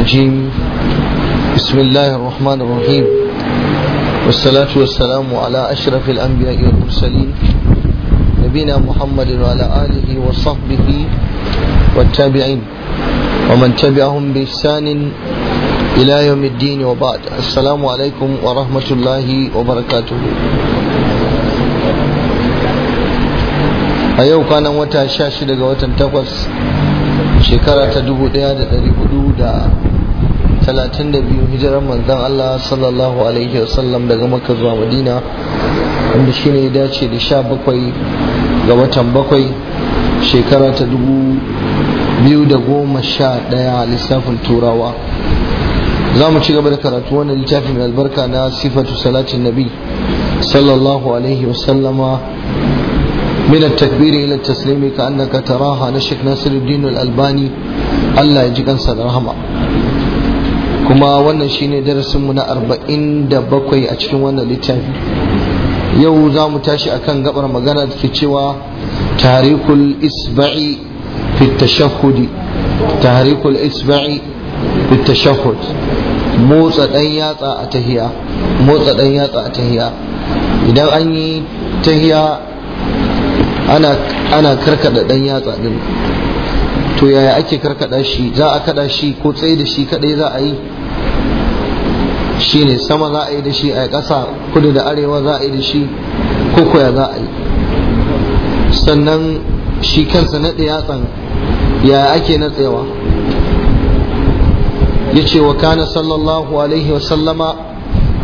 الرجيم بسم الله الرحمن الرحيم والصلاة والسلام على أشرف الأنبياء والمرسلين نبينا محمد وعلى آله وصحبه والتابعين ومن تبعهم بإحسان إلى يوم الدين وبعد السلام عليكم ورحمة الله وبركاته a yau kwanan wata 16 ga watan 8 shekara ta 1400 talatin da biyu hijirar manzon Allah sallallahu alaihi wasallam daga maka zuwa madina wanda shi ne dace da sha bakwai ga watan bakwai shekara ta dubu biyu da goma sha ɗaya lissafin turawa za mu ci gaba da karatu wannan littafin albarka na sifatu salatin nabi sallallahu alaihi wasallama من التكبير إلى التسليم كأنك تراها نشك ناصر الدين الألباني الله يجيك أنسى رحمه kuma wannan shi ne darasinmu na 47 a cikin wannan littafi yau za mu tashi akan gabar magana da ke cewa tarikul isba'i fi tashahhudi tarikul isba'i fi tashahhud motsa dan yatsa a tahiya motsa dan yatsa a tahiya idan an yi tahiya ana ana karkada dan yatsa din to yaya ake karkada shi za a kada shi ko tsaye da shi kadai za a yi shine sama za a yi da shi a ƙasa kudu da arewa za a yi da shi ko za a yi sannan shi kansa na yatsan ya ake natsewa ya ce wa kana sallallahu alaihi wasallama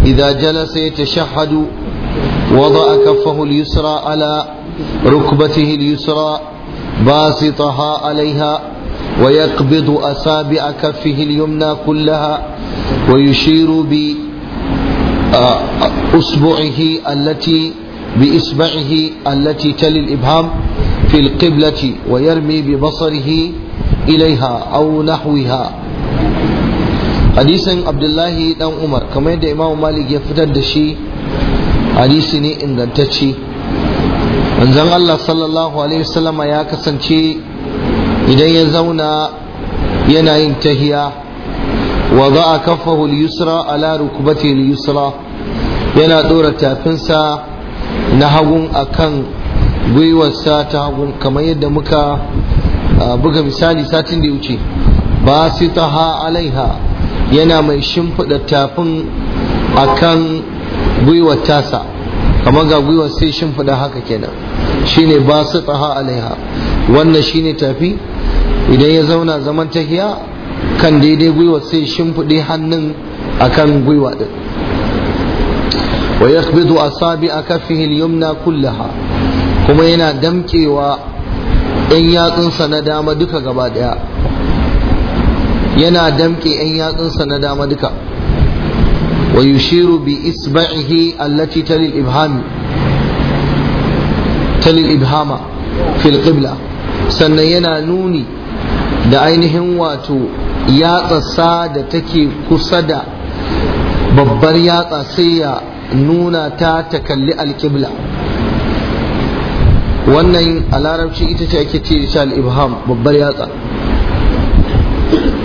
idan jalasa ya tashahadu وضع كفه اليسرى على ركبته اليسرى باسطها عليها ويقبض أصابع كفه اليمنى كلها ويشير بأصبعه التي بإصبعه التي تلي الإبهام في القبلة ويرمي ببصره إليها أو نحوها hadisin abdullahi ɗan umar kamar yadda imam malik ya fitar da shi hadisi ne ingantacce manzon allah sallallahu alaihi wasallama ya kasance idan ya zauna yana yin tahiya وضع كفه اليسرى على ركبته اليسرى ينا دورة تافنسا نهو أكن gwiwarsa ta hagu kamar yadda muka buga misali satin da wuce ba su ta ha yana mai shimfiɗa tafin a kan gwiwar ga gwiwar sai shimfiɗa haka kenan shine ba su ta ha alaiha wannan shine tafi idan ya zauna zaman tahiya kan daidai gwiwa sai shimfiɗe hannun akan gwiwa din wa a asabi a kafihi yumna kullaha kuma yana damkewa yan yatsunsa na dama duka gaba daya yana damke yan yatsunsa na dama duka wa yushiru bi isba'ihi allati talil ibhami talil ibhama fil qibla sannan yana nuni da ainihin wato yatsarsa da take kusa da babbar yatsa sai ya nuna ta ta kalli alkibla. wannan a larabci ita ce ake ce shal ibham babbar yatsa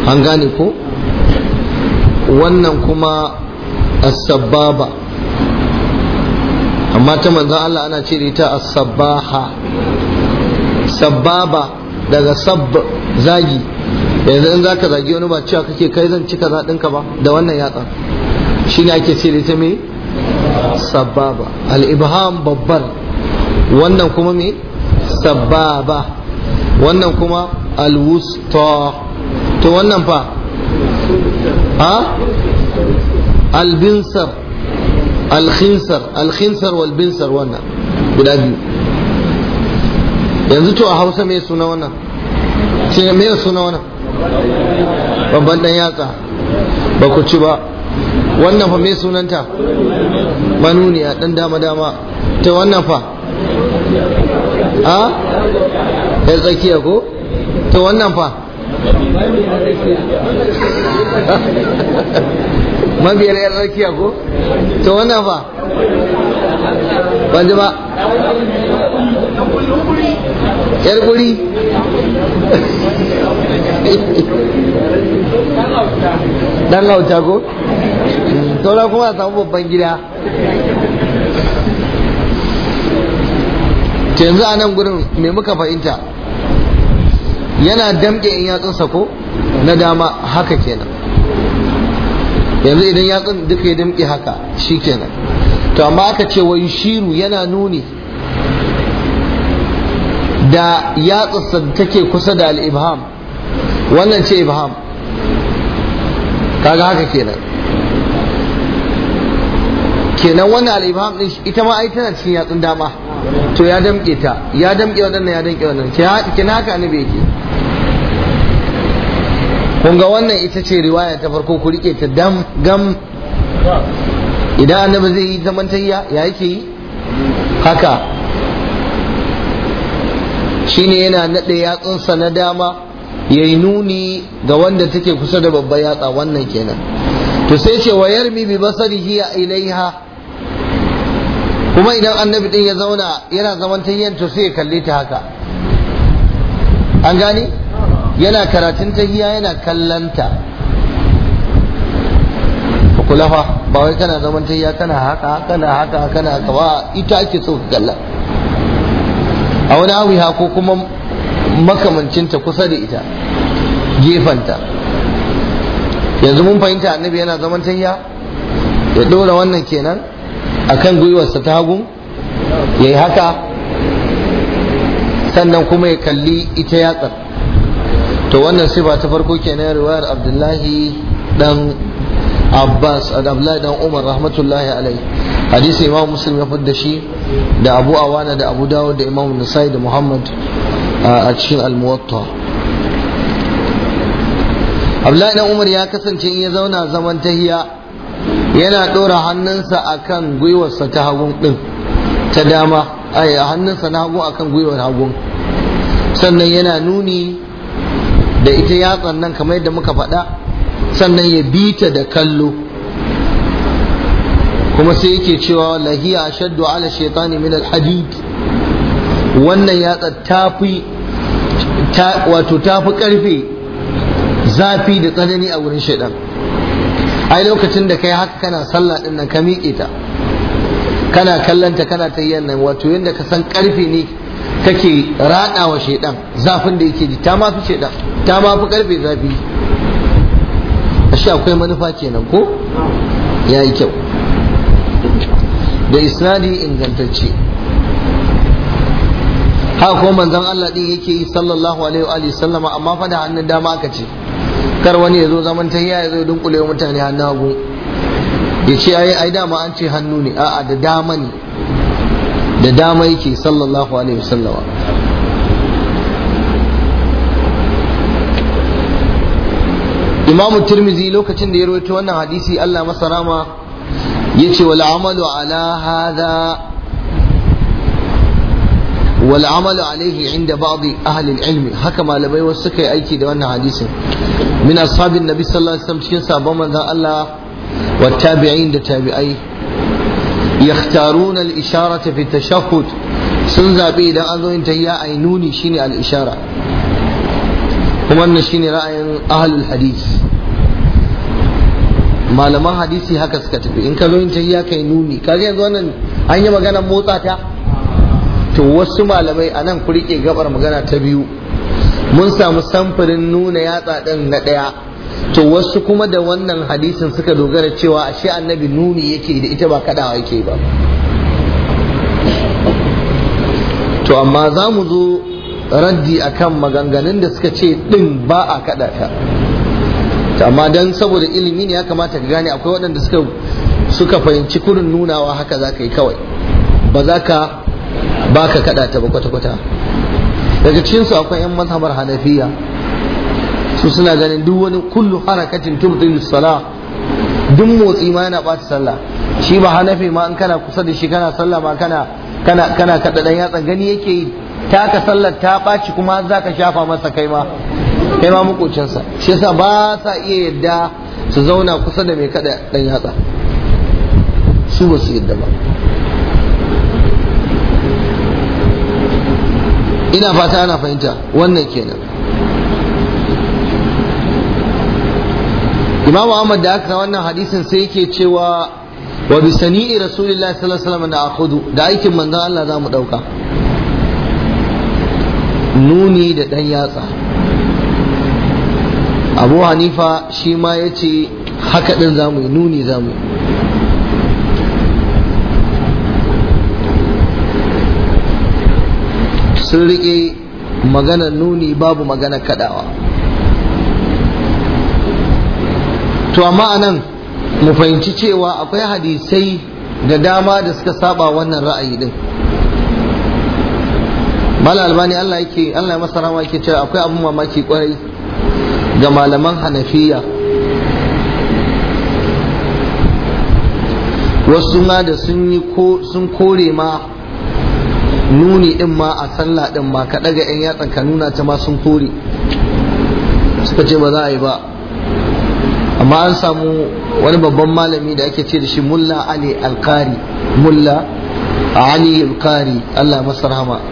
an gane ko wannan kuma asababa amma ta manzan Allah ana ce ta asabaha sababa daga sab zagi yanzu in za ka zagi wani ba cewa kake kai zan cika zaɗinka ba da wannan yatsa shi ne ake ce da ita me sababa al'ibham babbar wannan kuma me sababa wannan kuma alwusta to wannan fa ha albinsar alkhinsar alkhinsar walbinsar wannan guda biyu yanzu to a hausa me suna wannan ce me suna wannan babban dan yatsa ba ku ci ba wannan fa mai sunanta manuniya dan dama dama ta wannan fa a ya tsakiya ko ta wannan fa mabiyar yar tsakiya ko ta wannan fa ban ji ba yar guri dan hauta ko saura kuma a samu babban gida yanzu a nan gurin me muka fahimta yana damke in yatsun ko na dama haka kenan yanzu idan yatsun duka ya damke haka shi kenan to amma aka ce wani shiru yana nuni da yatsarsa da take kusa da al'ibham wannan ce ibham kaga haka kenan kenan wannan al'ibham din ita ma tana cikin yatsun dama to ya damke ta ya damke waɗannan ya damke waɗannan kenan haka annabi yake kun ga wannan ita ce riwaya ta farko ku rike ta dam gam idan annabi zai yi zaman tayya ya yake yi haka shine yana naɗe yatsunsa na dama ya yi nuni ga wanda take kusa da babban yatsa wannan kenan to sai ce wa mi bi basarihi ilaiha kuma idan annabi din ya zauna yana zaman tayyan to sai ya kalle ta haka an gane yana karatun tahiya yana kallanta kulafa ba wai kana zaman tayya kana haka kana haka kana haka ba ita ake so ka kalla a wani awiha ko kuma makamancinta kusa da ita gefanta yanzu mun fahimta annabi yana zaman tayya ya ɗora wannan kenan akan gwiwarsa ta hagu ya yi haka sannan kuma ya kalli ita yatsar to wannan sifa ta farko kenan riwayar abdullahi dan Abbas a Abdullahi dan Umar rahmatullahi alai hadisi Imam Muslim ya fudda shi da Abu Awana da Abu Dawud da Imam Nasai da Muhammad a cikin Al-Muwatta Abdullahi dan Umar ya kasance in ya zauna zaman tahiya yana ɗora hannunsa akan gwiwarsa ta hagun ɗin ta dama ai hannunsa na hagun akan gwiwar hagun sannan yana nuni da ita yatsan nan kamar yadda muka faɗa sannan ya ta da kallo kuma sai yake cewa lahiya shaddu ala shaitani min alhadid wannan yatsa tafi wato tafi karfe zafi da tsanani a wurin shaidan ai lokacin da kai haka kana sallah din nan ka miƙe ta kana kallanta kana ta nan wato yadda ka san karfe ne kake raɗa wa shaidan zafin da yake ji ta mafi shaidan ta mafi karfe zafi shi akwai manufa kenan ko ya yi kyau da isnadi ingantacce haka kuma manzon Allah din yake yi sallallahu alaihi wa sallama amma fa da hannun dama aka ce kar wani ya zo zaman tahiya ya zo dunkule mutane hannun hagu ya ce ai ai dama an ce hannu ne a'a da dama ne da dama yake sallallahu alaihi wa sallama imamu tirmizi lokacin da ya rawaito wannan hadisi Allah masa rama yace wal amalu ala hadha wal alaihi inda ba'd ahli ilmi haka malamai wasu suka yi aiki da wannan hadisin min ashabin nabi sallallahu alaihi wasallam cikin sabon manzon Allah wa tabi'in da tabi'ai يختارون الإشارة في التشهد سنزابي إذا أنظر انتهي أينوني شيني الإشارة kuma wannan shine ra'ayin ahlul hadith malaman hadisi haka suka tafi in ka zo ta tahiyya kai nuni kaga yanzu wannan an yi magana motsa ta to wasu malamai a nan ku rike gabar magana ta biyu mun samu samfurin nuna yatsa ɗin na ɗaya to wasu kuma da wannan hadisin suka dogara cewa ashe annabi nuni yake da ita ba kaɗawa yake ba to amma za mu zo raddi akan maganganun da suka ce ɗin ba a kaɗa ta amma don saboda ilimi ne ya kamata ka gane akwai waɗanda suka suka fahimci kurin nunawa haka za ka yi kawai ba za ka ba ka kaɗa ta ba kwata-kwata daga cikinsu akwai 'yan mazhabar hanafiya su suna ganin duk wani kullu harakacin tubdilu sala duk motsi ma yana bata sallah shi ba hanafi ma in kana kusa da shi kana sallah ma kana kana kana yatsa gani yake yi. taka sallar ta ɓaci kuma za ka shafa masa kai ma kai ma makocinsa shi yasa ba sa iya yadda su zauna kusa da mai kada ɗan yatsa su ba su yadda ba ina fata ana fahimta wannan kenan imam ahmad da aka wannan hadisin sai yake cewa wa bi sani'i rasulillahi sallallahu alaihi wasallam da akhudu da aikin manzon Allah za mu dauka nuni da ɗan yatsa abu hanifa shi ma ya ce haka ɗin mu yi nuni zamu sun riƙe maganar nuni babu maganar kaɗawa to amma anan mu fahimci cewa akwai hadisai da dama da suka saba wannan ra'ayi din mala albani Allah yake Allah ya masa rama yake cewa akwai abun mamaki kwarai ga malaman hanafiya wasu ma da sun yi kore ma nuni din ma a sallah din ma ka daga yan yatsan ka nuna ta ma sun kore suka ce ba za a yi ba amma an samu wani babban malami da ake ce da shi mulla ali alkari mulla ali alkari Allah masa rahama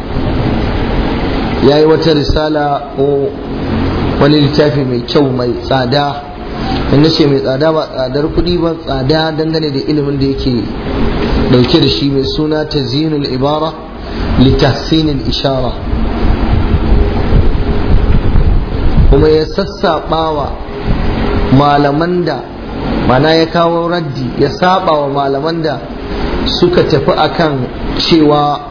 ya yi wata risala ko wani littafi mai kyau mai tsada in nace mai tsada ba tsadar kuɗi ba tsada dangane da ilimin da yake dauke da shi mai suna ta zinul ibara litahsinil ishara kuma ya sassaɓawa malaman da mana ya kawo raddi ya saba wa malaman da suka tafi akan cewa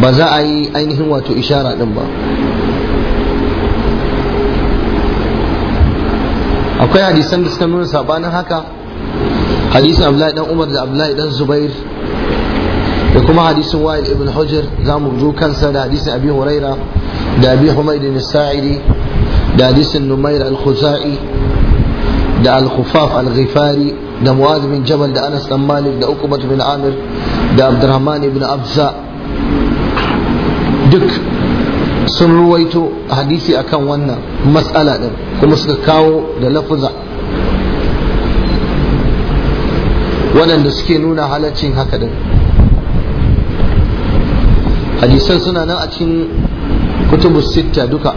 ba za a yi ainihin wato ishara din ba akwai hadisan da suka nuna sabanin haka hadisin abdullahi dan umar da abdullahi dan zubair da kuma hadisin wa'il ibn hujr za mu zo kansa da hadisin abi huraira da abi humaydin sa'idi da hadisin numair al-khuzai da al-khufaf al-ghifari da mu'adh bin jabal da anas dan malik da uqbat bin amir da abdurrahman ibn abza duk sun ruwaito hadisi akan wannan matsala din kuma suka kawo da lafuza waɗanda suke nuna halaccin haka din hadisan suna nan a cikin kutubu sitta duka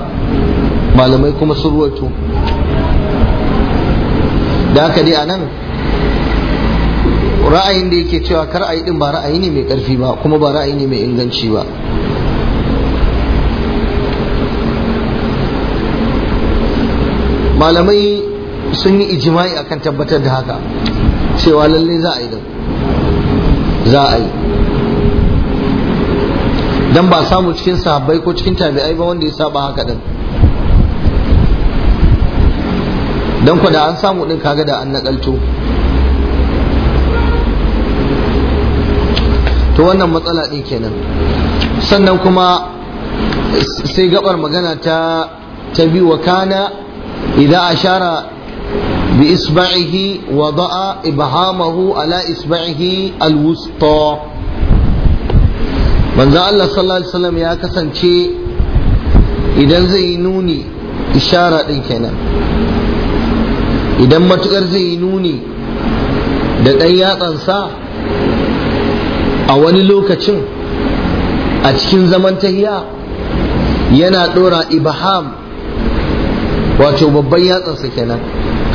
malamai kuma sun ruwaito da haka dai a nan ra'ayin da yake cewa kar a yi din ba ra'ayi ne mai karfi ba kuma ba ra'ayi ne mai inganci ba malamai sun yi ijimai akan tabbatar da haka cewa lalle za a yi din za a yi dan ba samu cikin sahabbai ko cikin tabi'ai ba wanda ya saba haka din dan ku da an samu din kaga da an nakalto to wannan matsala din kenan sannan kuma sai gabar magana ta ta biyu wa kana إذا أشار بإصبعه وضع إبهامه على إصبعه الوسطى من الله صلى الله عليه وسلم يا كسن شيء إذا زينوني إشارة كنا إذا ما تقر زينوني da ɗan yatsansa a wani lokacin a cikin zaman tahiya yana ɗora ibaham wato babban yatsarsa kenan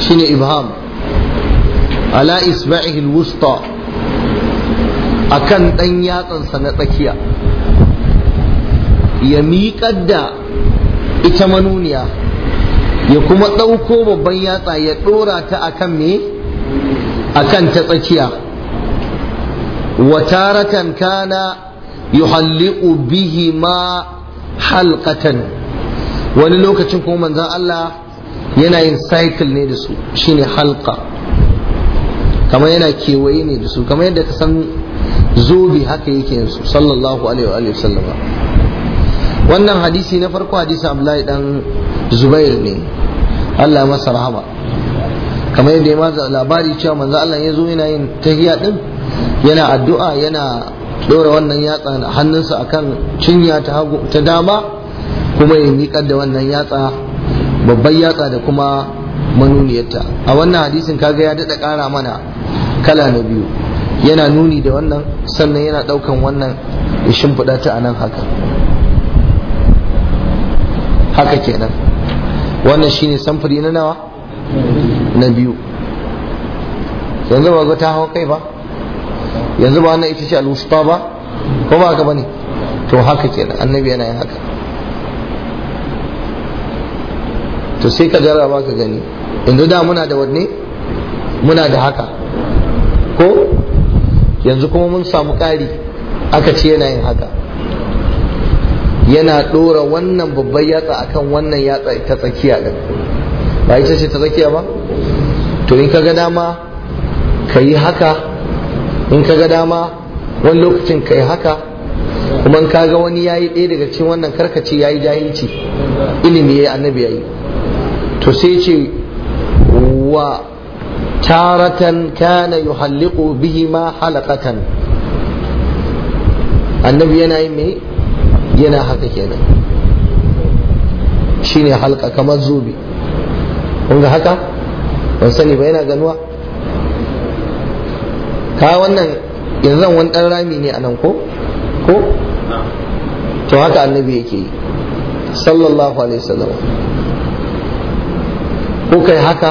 shine ibham ala isba'ihi alwusta akan dan yatsansa na tsakiya ya miƙar da ita manuniya ya kuma ɗauko babban yatsa ya ɗora ta akan me akan ta tsakiya wataratan kana yuhalliqu bihi ma halqatan wani lokacin kuma manzan Allah yana yin cycle ne da su shine halka kamar yana kewaye ne da su kamar yadda ka san zobe haka yake yin su sallallahu alaihi wa sallama wannan hadisi na farko hadisi Abdullahi dan Zubair ne Allah masa rahama kamar yadda ya maza labari cewa manzan Allah ya zo yana yin tafiya din yana addu'a yana dora wannan yatsa hannunsa akan cinya ta dama kuma ya miƙar da wannan yatsa babban yatsa da kuma manuniyarta a wannan hadisin kaga ya daɗa ƙara mana kala na biyu yana nuni da wannan sannan yana ɗaukan wannan ya shimfiɗa ta a nan haka haka kenan wannan shine samfuri na nawa na biyu yanzu ba ga ta hawa kai ba yanzu ba wannan ita ce al ba ko ba haka ne to haka kenan annabi yana yin haka to sai ka jarraba ka gani yanzu da muna da wanne muna da haka ko yanzu kuma mun samu kari aka ce yana yin haka yana ɗora wannan babban yatsa akan wannan yatsa ta tsakiya ɗin ba ita ce ta tsakiya ba to in ka ga dama ka yi haka in ka ga dama wani lokacin ka yi haka kuma ka ga wani ya yi ɗaya daga cikin wannan karkace ya yi jahilci ilimi ya yi annabi ya yi to sai ce wa taratan kana yuhalliqu bihi ma halaqatan annabi yana yin me yana haka kenan shine halka kamar zobe kun ga haka ban sani ba yana ganuwa ka wannan yanzu zan wani dan rami ne a nan ko ko to haka annabi yake yi sallallahu alaihi wasallam ko kai haka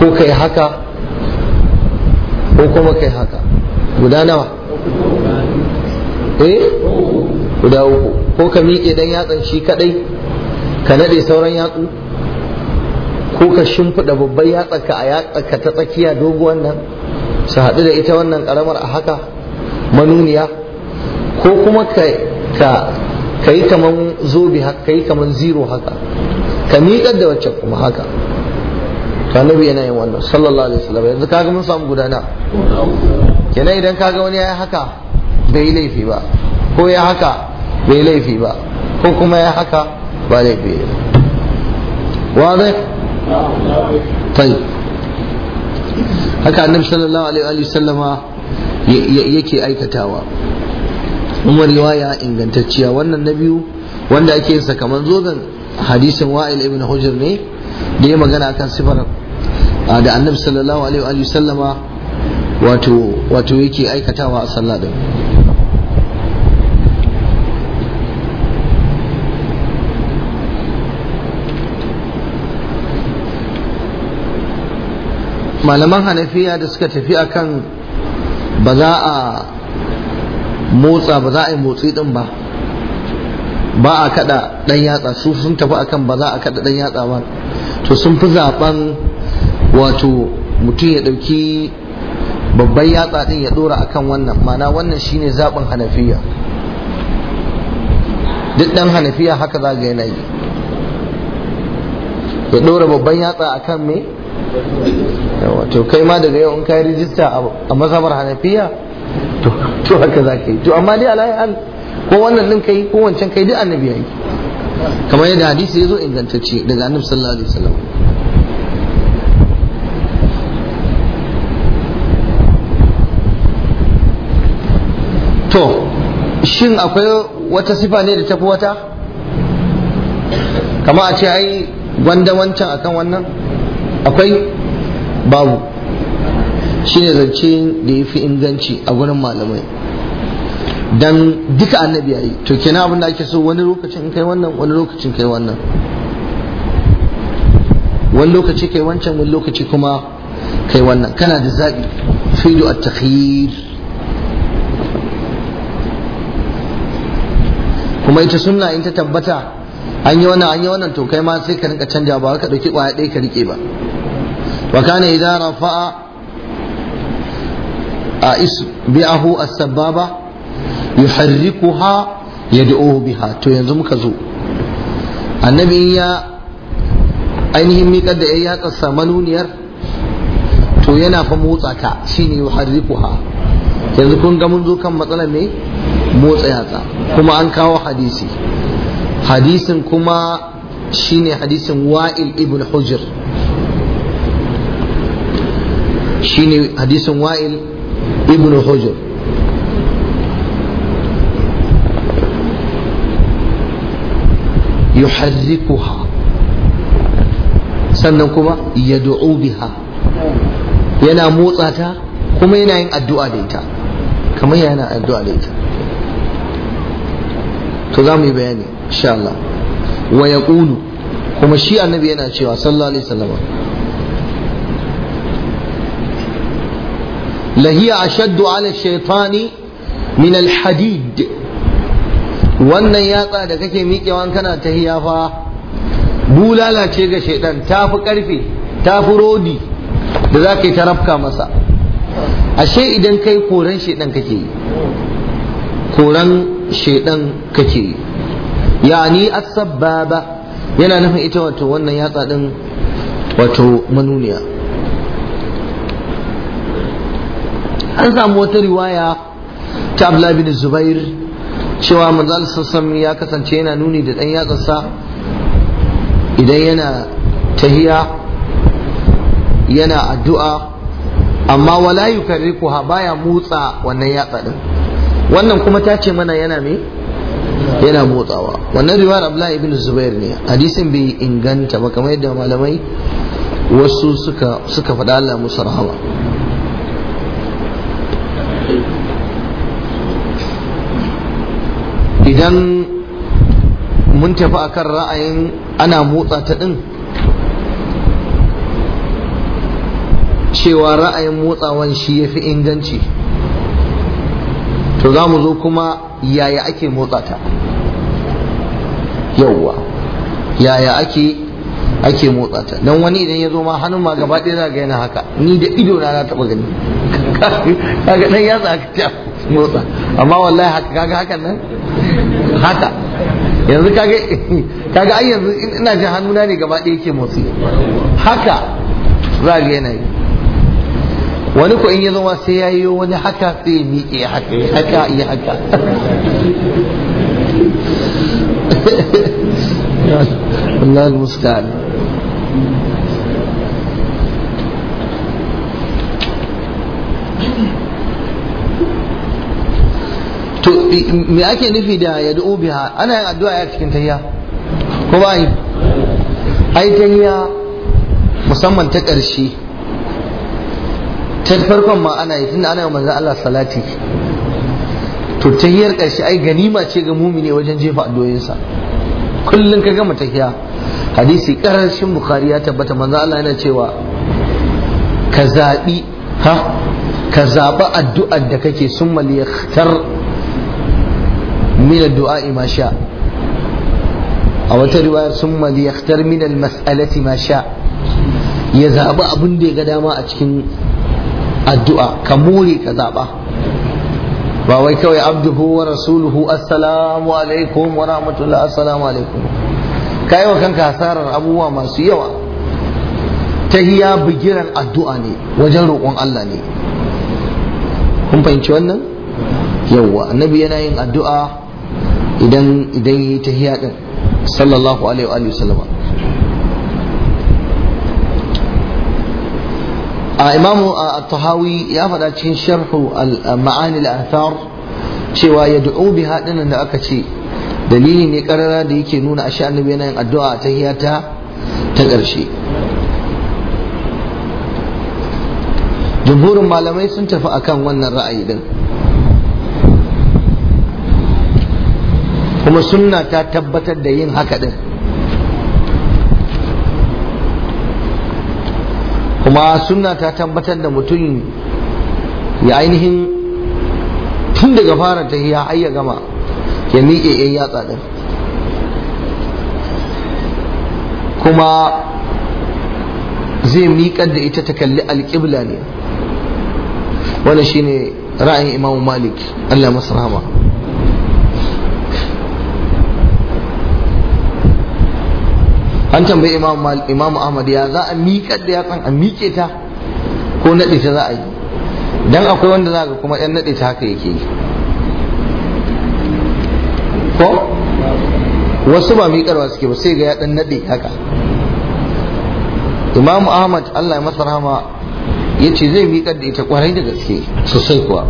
ko kai haka ko kuma kai haka guda nawa eh guda uku ko ka miƙe dan yatsan shi kadai ka nade sauran yatsu ko ka shimfiɗa babban ka a ka ta tsakiya doguwan nan su haɗu da ita wannan ƙaramar a haka manuniya ko kuma ka yi kaman zobe haka ka yi kaman zero haka ka miƙar da wacce kuma haka to annabi yana yin wannan sallallahu alaihi wasallam yanzu kaga mun samu gudana kenan idan kaga wani ya haka bai laifi ba ko ya haka bai laifi ba ko kuma ya haka ba laifi ba wadai tayi haka annabi sallallahu alaihi wasallam yake aikatawa umar riwaya ingantacciya wannan na biyu wanda ake yin sa kaman zoben hadisin wa'il ibn hujr ne da ya magana kan sifar da annabi sallallahu alaihi wa sallama wato wato yake aikatawa a sallah din malaman hanafiya da suka tafi akan ba za a motsa ba za a yi motsi din ba ba a kada dan yatsa su sun tafi akan ba za a kada dan yatsa ba to sun fi zaben wato mutum ya dauki babban yatsa din ya dora akan wannan mana wannan shine zaben hanafiya duk dan hanafiya haka za ga yana yi ya dora babban yatsa akan me wato kai ma daga yau in kai rijista a mazhabar hanafiya to haka za ka yi to amma dai alayi ko wannan din kai ko wancan kai duk annabi yayi kamar yadda hadisi ya zo ingantacce daga annabi sallallahu alaihi wasallam to shin akwai wata sifa ne da tafi wata kama a ce ai gwanda wancan akan wannan akwai babu shine zance da ya fi inganci a gurin malamai dan duka annabi yayi to kenan abin da ake so wani lokacin in kai wannan wani lokacin kai wannan wani lokaci kai wancan wani lokaci kuma kai wannan kana da zaɓi fidu at-takhyir kuma ita sunna in ta tabbata an yi wannan an yi wannan to kai ma sai ka rinka canja ba ka dauki kwaya ɗaya ka rike ba wa kana idza rafa'a a bi'ahu as-sababa yuharrikuha yad'uhu biha to yanzu muka zo annabi ya ainihin miƙar da ya yatsa manuniyar to yana fa motsa ta shine yuharrikuha yanzu kun ga mun zo kan matsalar ne motsa yatsa kuma an kawo hadisi hadisin kuma shine hadisin wa'il ibn hujr shine hadisin wa'il ibn hujr yuharrikuha sannan kuma ya du'u biha yana motsa ta kuma yana yin addu'a da ita kamar yana addu'a da ita to za mu yi bayani insha Allah wa yaqulu kuma shi annabi yana cewa sallallahu alaihi wasallam lahiya ashaddu ala shaytani min alhadid wannan yatsa da kake miƙewan kana ta hiyafa. bulala ce ga shaidan ta fi ƙarfe ta fi rodi da za ka yi tarafka masa ashe idan kai koren shaidan kake yi Koren shaidan kake yi yani asababa yana nufin ita wato wannan yatsa din wato manuniya an samu wata riwaya ta abla bin zubair cewa manzal sassan ya kasance yana nuni da ɗan yatsarsa idan yana tahiya yana addu'a amma wala ha, baya motsa wannan yatsa din wannan kuma ta ce mana yana me yana motsawa wannan riwayar Abdullahi ibn Zubair ne hadisin bai inganta ba kamar yadda malamai wasu suka suka faɗa Allah musu rahama idan mun tafi a kan ra'ayin ana motsa ta ɗin cewa ra'ayin motsawan shi ya fi inganci to za mu zo kuma yaya ake motsa ta yauwa yaya ake ake motsa ta don wani idan ya zo ma hannun ma gaba ɗaya za ga yana haka ni da ido na na taɓa gani kaga ɗan yatsa aka motsa amma wallahi haka kaga hakan nan haka yanzu kage kaga ai yanzu ina jin hannuna ne gaba ɗaya yake motsi haka za ga yanayi wani ko in ya zama sai ya yi wani haka sai ya miƙe haka ya haka ya haka Allah al-musta'an me ake nufi da ya du'u biha ana yin addu'a a cikin tayya ko ba yi ai tayya musamman ta ƙarshe ta farkon ma ana yi tunda ana yi manzan Allah salati to tayyar ƙarshe ai ganima ce ga mumini wajen jefa addu'o'insa kullum ka gama tayya hadisi ƙarshen bukhari ya tabbata manzan Allah yana cewa ka zaɓi ha ka zaɓi addu'ar da kake sun maliyar min addu'a ma sha a wata riwayar sun mali yaktar min almas'alati sha ya zaɓi abin da ya ga dama a cikin addu'a ka more ka zaɓa ba kawai abduhu wa rasuluhu assalamu alaikum wa rahmatullah assalamu alaikum ka yi kanka hasarar abubuwa masu yawa tahiya bigiran addu'a ne wajen roƙon Allah ne kun fahimci wannan yawwa annabi yana yin addu'a idan idan yi tahiyya din sallallahu alaihi wa sallama a imamu at-tahawi ya faɗa cikin sharhu al-ma'ani al-athar cewa ya du'u bi hadinan da aka ce dalili ne karara da yake nuna a annabi yana yin addu'a ta hiyata ta ƙarshe jumhurin malamai sun tafi akan wannan ra'ayi din kuma sunna ta tabbatar da yin haka din kuma sunna ta tabbatar da mutum ya ainihin tun daga fara tahiyya har ya gama ya miƙe yatsa din kuma zai miƙar da ita ta kalli alƙibla ne Wani shine ra'ayin imamu malik allah masa rahama an tambayi imamu ahmad ya za a miƙar da yatsan a miƙe ta ko naɗe ta za a yi dan akwai wanda za ga kuma yan naɗe ta haka yake yi ko wasu ba miƙarwa suke ba sai ga ya ɗan naɗe haka imamu ahmad allah ya masa rahama ya ce zai miƙar da ita kwarai da gaske sosai kuwa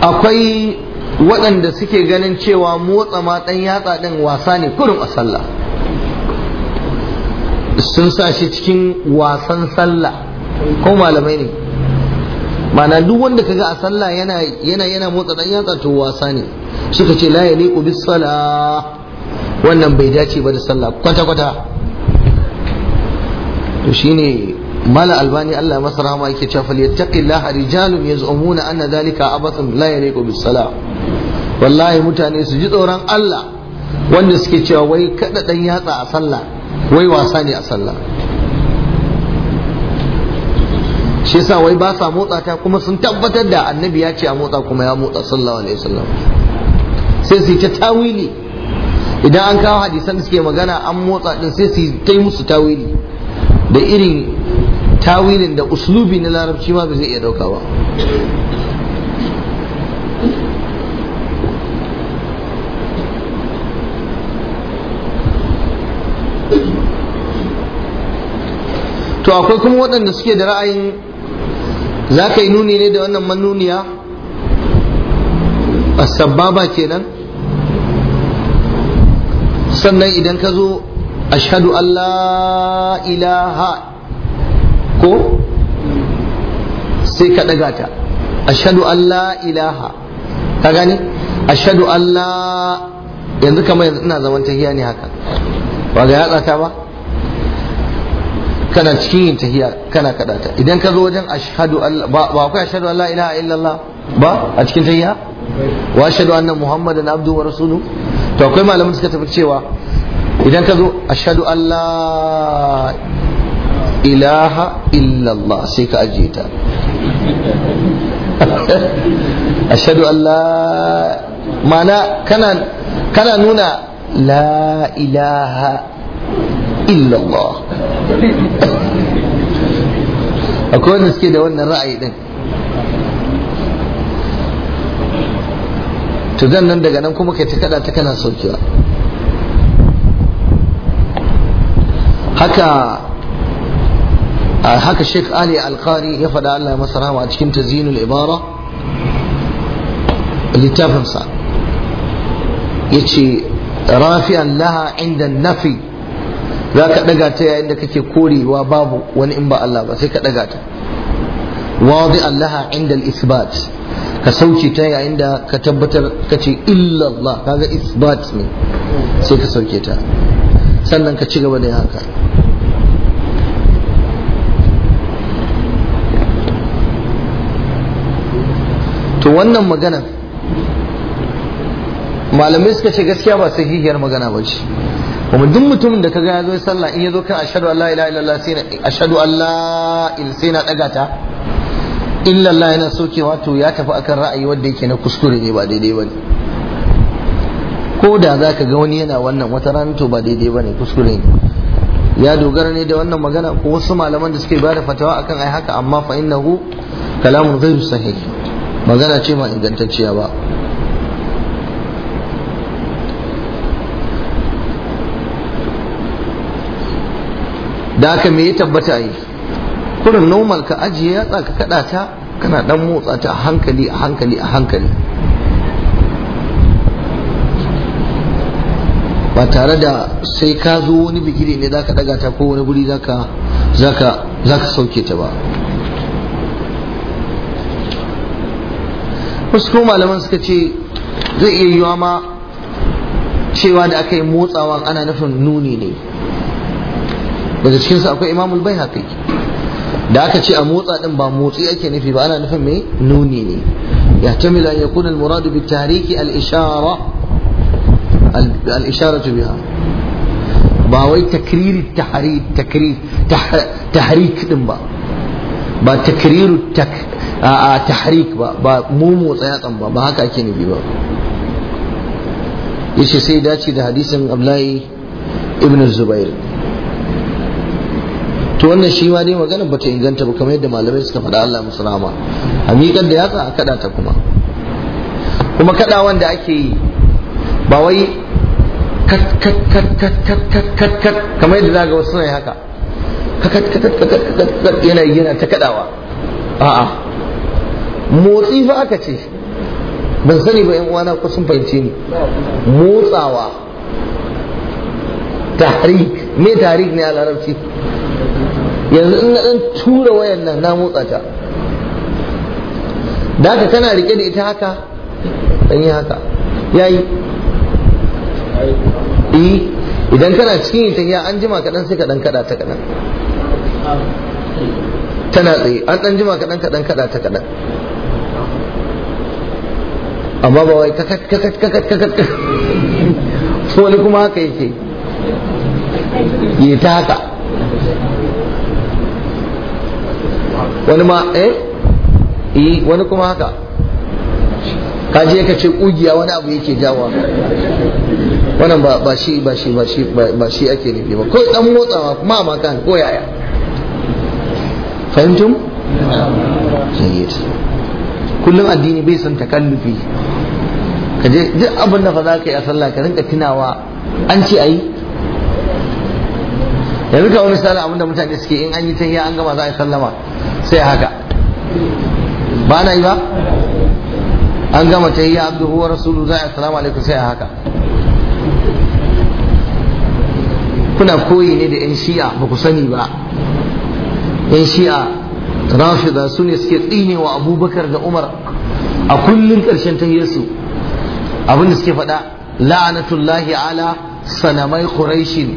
akwai waɗanda suke ganin cewa motsa ma ɗan yatsa ɗin wasa ne kurin a sallah sun sa shi cikin wasan sallah ko malamai ne mana duk wanda kaga a sallah yana yana motsa ɗan yatsa to wasa ne suka ce la yaliqu bis wannan bai dace ba da sallah kwata kwata to shine mala albani Allah ya masa rahama yake cewa falyattaqillaha rijalun yaz'umuna anna dhalika abathun la yaliqu bis salah wallahi mutane su ji tsoron Allah wanda suke cewa wai kada dan yatsa a sallah wai wasa ne a sallah shi yasa wai ba sa motsa ta kuma sun tabbatar da annabi ya ce a motsa kuma ya motsa sallallahu alaihi wasallam sai su yi ta tawili idan an kawo hadisan da suke magana an motsa din sai su yi ta musu tawili da irin tawilin da uslubi na larabci ma ba zai iya dauka ba to akwai kuma waɗanda suke da ra'ayin za ka yi nuni ne da wannan manuniya a sababa kenan sannan idan ka zo ashadu Allah ilaha ko sai ka ɗaga ta ashadu Allah ilaha ka gani ashadu Allah yanzu kamar yanzu ina zaman tahiya ne haka ba ga yatsa ta ba kana cikin yin tahiya kana kada ta idan ka zo wajen ashadu Allah ba akwai ashadu allah ilaha illallah ba a cikin tahiya wa ashhadu anna muhammadan abdu wa rasulu to akwai malamin suka tafi cewa idan ka zo ashadu Allah ilaha illallah sai ka ajiye ta ashadu Allah mana kana nuna la ilaha illallah akwai wanda suke da wannan ra'ayi din to zan nan daga nan kuma kai ta kada ta kana saukewa haka haka Sheikh Ali alkari ya faɗa Allah masa rahama a cikin tazinul ibara littafinsa ya ce rafiyan laha inda nafi za ka ɗaga ta yayin da kake korewa babu wani in ba Allah ba sai ka ɗaga ta wadi Allah inda isbat ka sauke ta yayin da ka tabbatar ka ce illallah kaga isbat ne sai ka sauke ta sannan ka ci gaba da haka to wannan magana malamai suka ce gaskiya ba sai hihiyar magana ba ce kuma duk mutumin da ka ga ya zo sallah in ya zo kan ashadu an la ila sai na ashadu an la sai na daga ta illallah yana sokewa to ya tafi akan ra'ayi wanda yake na kuskure ne ba daidai bane ko da za ka ga wani yana wannan wata rana to ba daidai bane kuskure ne ya dogara ne da wannan magana ko wasu malaman da suke ba da fatawa akan ai haka amma fa innahu kalamun ghairu sahih magana ce ma ingantacciya ba da aka me ya tabbata yi kurin normal ka ajiye yatsa ka kada ta kana dan motsa ta a hankali a hankali a hankali ba tare da sai ka zo wani bigire ne ka daga ta ko wani guri za ka sauke ta ba wasu malaman suka ce zai iya yiwa ma cewa da aka yi motsawa ana nufin nuni ne daga cikinsu akwai imamul bai haƙi da aka ce a motsa din ba motsi ake nufi ba ana nufin mai nuni ne ya tamila ya kuna muradu bi tariki al-ishara al-ishara biha ba wai takriri tahrik din ba ba takriru a tahrik ba ba mumu yatsan ba ba haka ake nufi ba yace sai dace da hadisin Abdullahi ibn Zubair to wannan shi ma dai magana bata inganta ba kamar yadda malamai suka faɗa Allah musu rahama a da yatsa a kaɗa ta kuma kuma kada wanda ake yi ba wai kat kat kat kat kat kat kamar yadda za ga wasu suna haka yana ta kadawa a'a motsi fa aka ce ban sani ba yan uwana ko sun fahimce ni motsawa tahrik me tahrik ne a larabci yanzu in na dan tura wayan nan na motsa ta da ka kana rike da ita haka dan yi haka yayi eh idan kana cikin ita ya an jima dan sai dan kada ta kaɗan tana tsaye an dan jima kaɗan kaɗan kaɗa ta kaɗan amma ba wai kakat kakat kakat kakat kuma haka yake yi ta eh? wani kuma haka ka je ka kugiya wani abu yake jawa wannan ba shi ba ake nufi ba ko ɗan motsawa kuma a makan ko yaya fahimtum jayyid kullum addini bai son takallufi ka je duk abin da fa za ka yi a sallah ka rinka tunawa an ce ayi yanzu ka wani sallah abin da mutane suke in an yi tahiyya an gama za a yi sallama sai haka ba na yi ba an gama tahiyya abduhu huwa rasulu za a yi salamu alaikum sai haka kuna koyi ne da yan shi'a ba ku sani ba yan shi'a rashida su ne suke tsine wa abubakar da umar a kullum ƙarshen tahiyarsu abinda suke faɗa la'anatullahi ala sanamai quraishin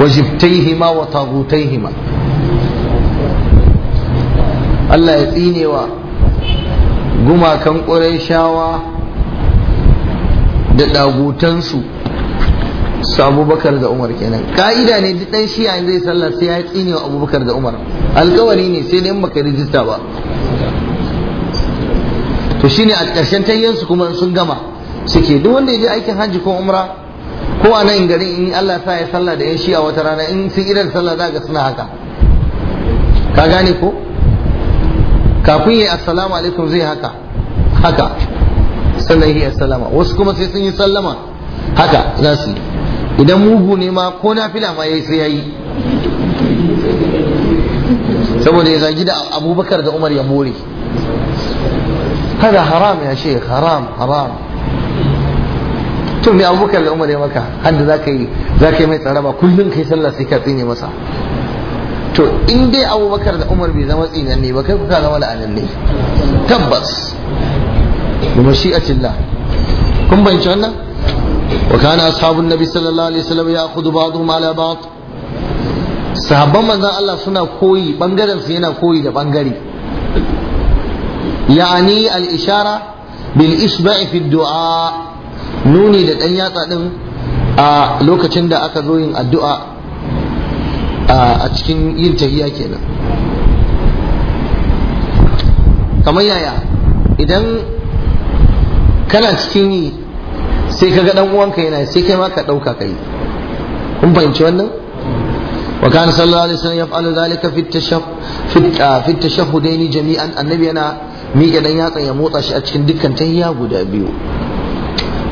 wa jibtaihima wa tagutaihima Allah ya tsine wa gumakan ƙuraishawa da ɗagutansu su abubakar da umar kenan ka'ida ne duk dan shiya zai sallah sai ya tsine wa abubakar da umar alkawari ne sai dai baka rijista ba to shine a ƙarshen tayyansu kuma sun gama suke duk wanda ya je aikin hajji ko umra ko a nan garin in Allah sa ya sallah da yan shiya wata rana in sun idan sallah za ga suna haka ka gane ko kafin yi assalamu alaikum zai haka haka sannan yi assalamu wasu kuma sai sun yi sallama haka za su yi idan mugu ne ma ko na fila ma yi sai yi, saboda ya zagi da abubakar da umar ya more hada haram ya ce haram haram tun ne abubakar da umar ya maka hadda za ka yi za yi mai tsaraba kullum kai sallah sai ka tsine masa to in dai abubakar da umar bai zama ne ba kai kuka zama la'ananne tabbas a cilla kun bayanci wannan وكان أصحاب النبي صلى الله عليه وسلم يأخذ بعضهم على بعض sahabban manzan Allah suna koyi bangaren su yana koyi da bangare ya'ani al-ishara bil isba'i fi du'a nuni da ɗan yatsa ɗin a lokacin da aka zo yin addu'a a cikin yin tahiyya kenan kamar yaya idan kana cikin yi sai ka ga dan uwanka yana sai kai ma ka ɗauka kai kun fahimci wannan wa kana sallallahu alaihi wasallam yaf'alu dhalika fi tashaf ah, fi tashahhudaini jami'an annabi yana miƙe dan yatsan ya motsa shi a cikin dukkan tahiyya guda biyu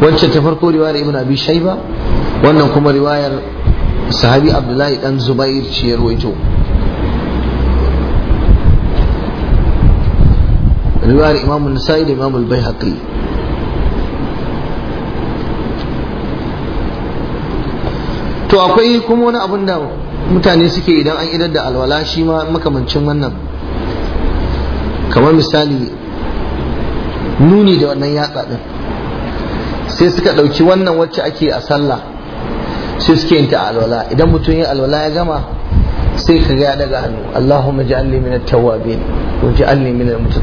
wacce ta farko riwayar ibn abi shayba wannan kuma riwayar sahabi abdullahi dan zubair ce ya ruwaito riwayar imam nasa'i da imam al-baihaqi to akwai kuma wani abun da mutane suke idan an idar da alwala shi ma makamancin wannan kamar misali nuni da wannan yatsa din sai suka ɗauki wannan wacce ake a sallah sai suke yin ta alwala idan mutum ya alwala ya gama sai ka ga daga hannu allahu ja'alni min at-tawwabin wa ja'alni min mutu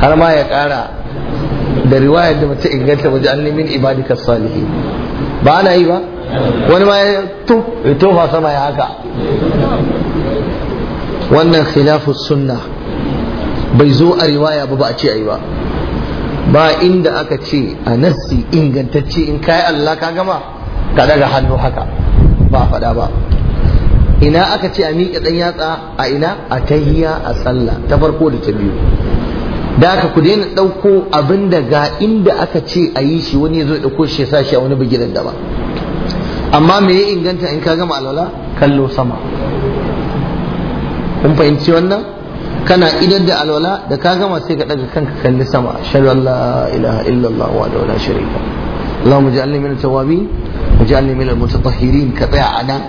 har ma ya ƙara da riwayar da mutum inganta wa an min ibadika salihi ba ana yi ba wani ma ya tofa sama ya haka wannan khilafu sunna bai zo a riwaya ba ba a ce a yi ba ba inda aka ce a nassi ingantacce in kayi Allah ka gama ka daga hannu haka ba faɗa ba ina aka ce a miƙe ɗan yatsa a ina a tahiya a sallah ta farko da ta biyu da aka ku daina ɗauko abin da ga inda aka ce a yi shi wani ya zo ɗauko shi ya sa shi a wani bigiran da ba amma me ya inganta in ka gama alwala kallo sama kun fahimci wannan kana idar da alwala da ka gama sai ka daga kanka kalli sama ashhadu an la ilaha illallah wa la sharika اللهم اجعلني من التوابين واجعلني tsaya a كطيع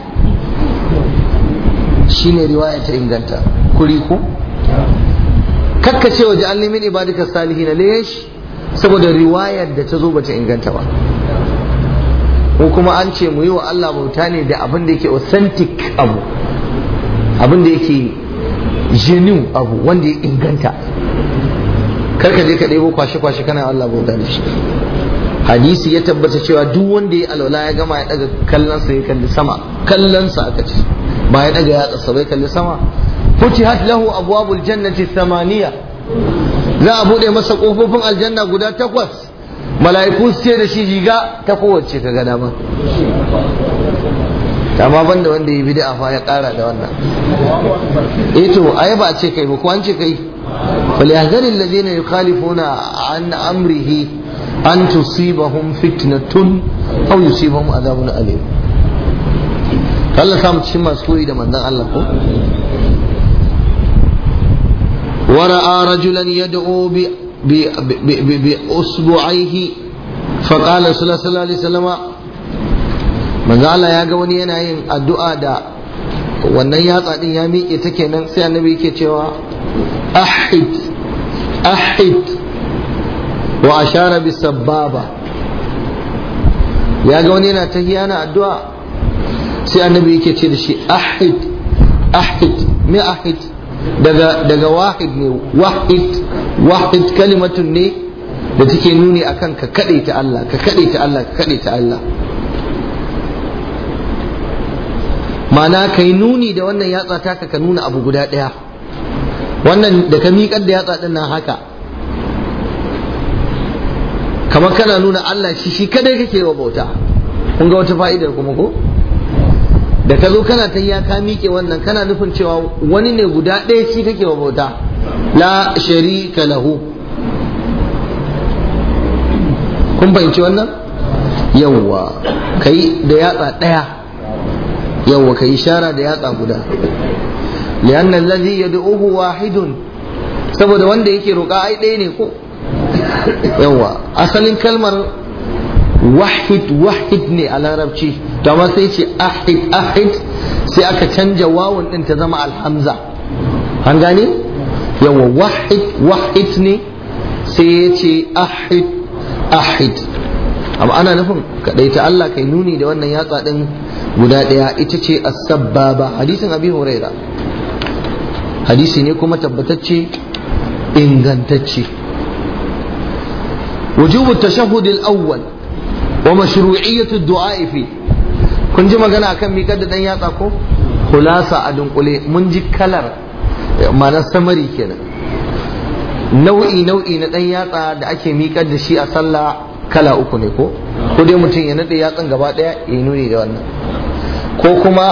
Shi ne riwaya ta inganta kuri ko ce waje an min ibadika salihin lesh saboda riwayar da ta zo bata inganta ba ko kuma an ce mu yi wa Allah bauta ne da abin da yake authentic abu abin da yake genuine abu wanda ya inganta karka je ka ɗebo kwashe-kwashe kana Allah bauta da shi hadisi ya tabbata cewa duk wanda ya alwala ya gama ya daga kallonsa ya kalli sama kallonsa aka ce ba ya daga yatsa sa bai kalli sama futihat lahu abwabul jannati thamaniya za a bude masa kofofin aljanna guda takwas mala'iku su ce da shi riga ta kowace ka gada ba amma banda wanda ya bi da fa ya kara da wannan eh to ai ba ce kai ba ko an ce kai فليحذر الذين يخالفون عن أمره أن تصيبهم فتنة أو يصيبهم عذاب أليم Allah samu cikin masu koyi da manzon Allah ko wara'a rajulan yad'u bi بأصبعيه فقال صلى الله عليه وسلم manzo Allah ya ga wani yana yin addu'a da wannan yatsa din ya miƙe ta kenan sai annabi yake cewa ahid wa ashara bis sababa ya ga wani yana ta hiyana addu'a sai annabi yake ce da shi ahid ahid ahid daga wahid ne wahid wahid kalimatun ne da take nuni akan ka kaɗe ta Allah ka kaɗe ta Allah ka kaɗe ta Allah ma'ana ka yi nuni da wannan yatsa taka ka nuna abu guda ɗaya wannan da ka miƙar da yatsa ɗin nan haka kamar kana nuna Allah shi shi kadai kake wa bauta kun ga wata fa'idar kuma ko da ka zo kana ta ya ka miƙe wannan kana nufin cewa wani ne guda ɗaya shi kake wa bauta لا شريك له kun fahimci wannan yawwa kai da yatsa ɗaya yawwa kai ishara da yatsa guda lianna allazi yad'uhu wahidun saboda wanda yake roƙa ai ɗaya ne ko yawwa asalin kalmar wahid wahid ne a larabci to amma sai ce ahid ahid sai aka canja wawun ɗin ta zama alhamza an gane yawa wahid wahid ne sai ya ce ahid ahid amma ana nufin kaɗai ta Allah kai nuni da wannan yatsa ɗin guda ɗaya ita ce as-sabbaba hadisin abi huraira hadisi ne kuma tabbatacce ingantacce wujubu tashahhud al-awwal wa mashru'iyyatu ad-du'a fi kun ji magana akan mikar da ɗan yatsa ko hulasa a dunkule mun ji kalar mana samari kenan nau'i nau'i na ɗan yatsa da ake miƙar da shi a sallah kala uku ne ko ko dai mutum ya naɗe yatsan gaba ɗaya ya nuni da wannan ko kuma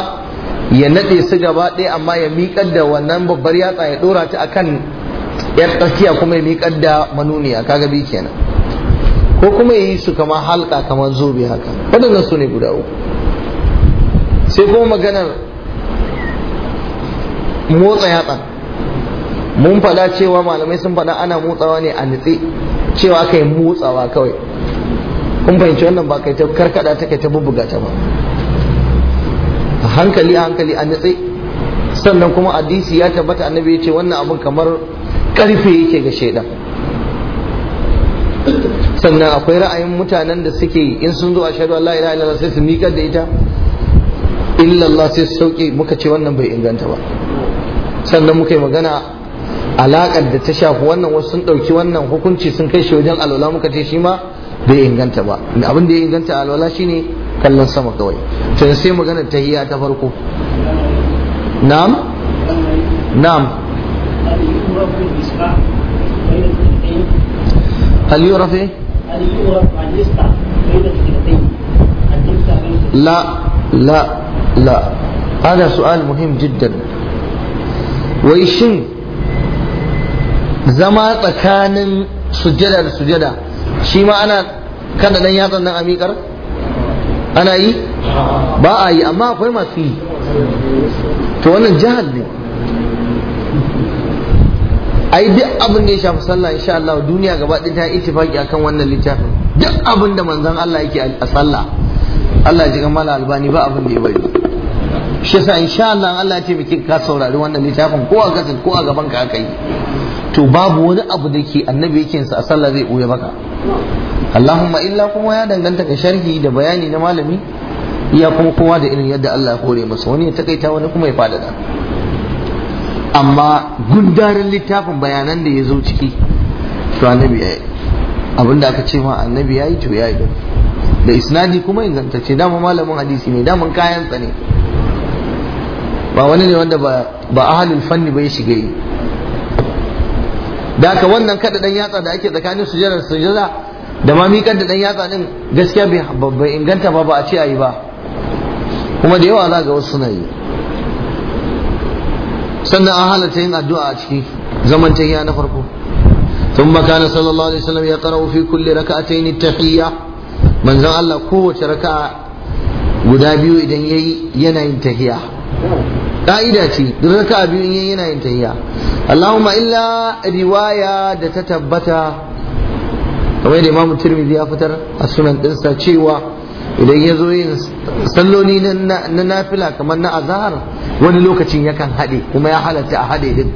ya naɗe su gaba ɗaya amma ya miƙar da wannan babbar yatsa ya ɗora ta akan yar tsakiya kuma ya miƙar da manuniya kaga bi kenan ko kuma ya yi su kamar halka kamar zobe haka waɗannan su ne guda uku sai kuma maganar motsa yatsan mun fada cewa malamai sun fada ana motsawa ne a nitse cewa aka yi motsawa kawai kun fahimci wannan ba kai ta karkada ta kai ta bubbuga ta ba a hankali a hankali a nitse sannan kuma hadisi ya tabbata annabi ya ce wannan abin kamar karfe yake ga shaidan sannan akwai ra'ayin mutanen da suke in sun zo a shaidu Allah ila ila sai su miƙar da ita illallah sai su sauke muka ce wannan bai inganta ba sannan muka yi magana alaƙar da ta shafi wannan wasu sun ɗauki wannan hukunci sun kai shi wajen alwala muka ce shi ma bai inganta ba abin da ya inganta alwala shine kallon sama kawai to sai maganar tahiyya ta farko na'am na'am هل يعرف هل La النسبة بين الفكرتين لا لا لا هذا سؤال مهم جدا ويشن zama tsakanin sujada da sujada shi ma ana kada dan yatsan nan a miƙar ana yi ba a yi amma akwai masu yi to wannan jihar ne yi duk abin da ya shafi sallah insha Allah duniya gaba ɗaya ta ittifaki akan wannan littafin duk abin da manzan Allah yake a sallah Allah ya ji kamala albani ba abin da ya bari shi sa insha Allah Allah ya ce miki ka saurari wannan littafin ko a gasin ko a gaban ka aka yi to babu wani abu da ke annabi yake sa a sallah zai ɓoye maka Allahumma illa kuma ya danganta ga sharhi da bayani na malami iya kuma kowa da irin yadda Allah ya kore masa wani ya takaita wani kuma ya fadada amma gundarin littafin bayanan da ya zo ciki to annabi ya yi abinda aka ce ma annabi ya yi to ya yi da isnadi kuma ingantacce dama malamin hadisi ne daman kayan tsane ba wani ne wanda ba ahalin fanni bai shiga yi da haka wannan kada dan yatsa da ake tsakanin sujjada sujjada da ma miƙar da dan yatsa din gaskiya bai inganta ba ba a ce ayi ba kuma da yawa za ga wasu suna yi sannan an halatta yin addu'a a ciki zaman tahiya na farko ثم كان صلى الله عليه وسلم يقرأ في كل ركعتين التحية من زال الله قوة ركعة guda biyu idan yayi yana yin ƙa'ida ce duk raka a biyu yin yana yin tahiyya Allahumma illa riwaya da ta tabbata kamar da Imam Tirmidhi ya fitar a sunan ɗinsa cewa idan ya zo yin salloli na nafila kamar na Azahar. wani lokacin yakan haɗe kuma ya halatta a haɗe din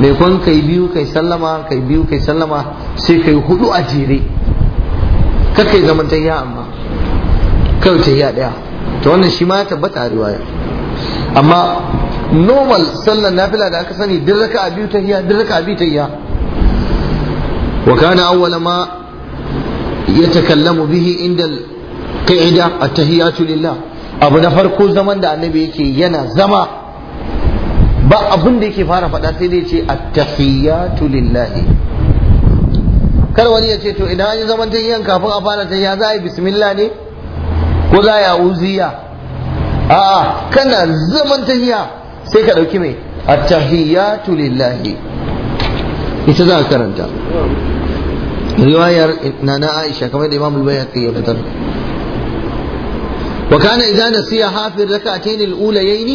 mai kwan kai biyu kai sallama kai biyu kai sallama sai kai hudu a jere kakai zaman tahiyya amma kawai a ɗaya ta wannan shi ma ya tabbata a riwaya amma normal sallar nafila da aka sani duk raka'a biyu ta tahiyya duk raka'a biyu tahiyya wa kana awwala ma yatakallamu bihi inda al-qa'ida at-tahiyatu lillah abu na farko zaman da annabi yake yana zama ba abin da yake fara faɗa sai dai ce at-tahiyatu lillahi kar wani ya ce to idan an yi zaman tahiyan kafin a fara tahiyya za a yi bismillah ne ko za a yi uziya a'a kana zaman tahiya sai ka dauki mai attahiyatu lillahi ita za ka karanta riwayar nana Aisha kamar da Imam al-Bayhaqi ya fitar wa kana idza nasiya hafi rak'atayn al-ulayayn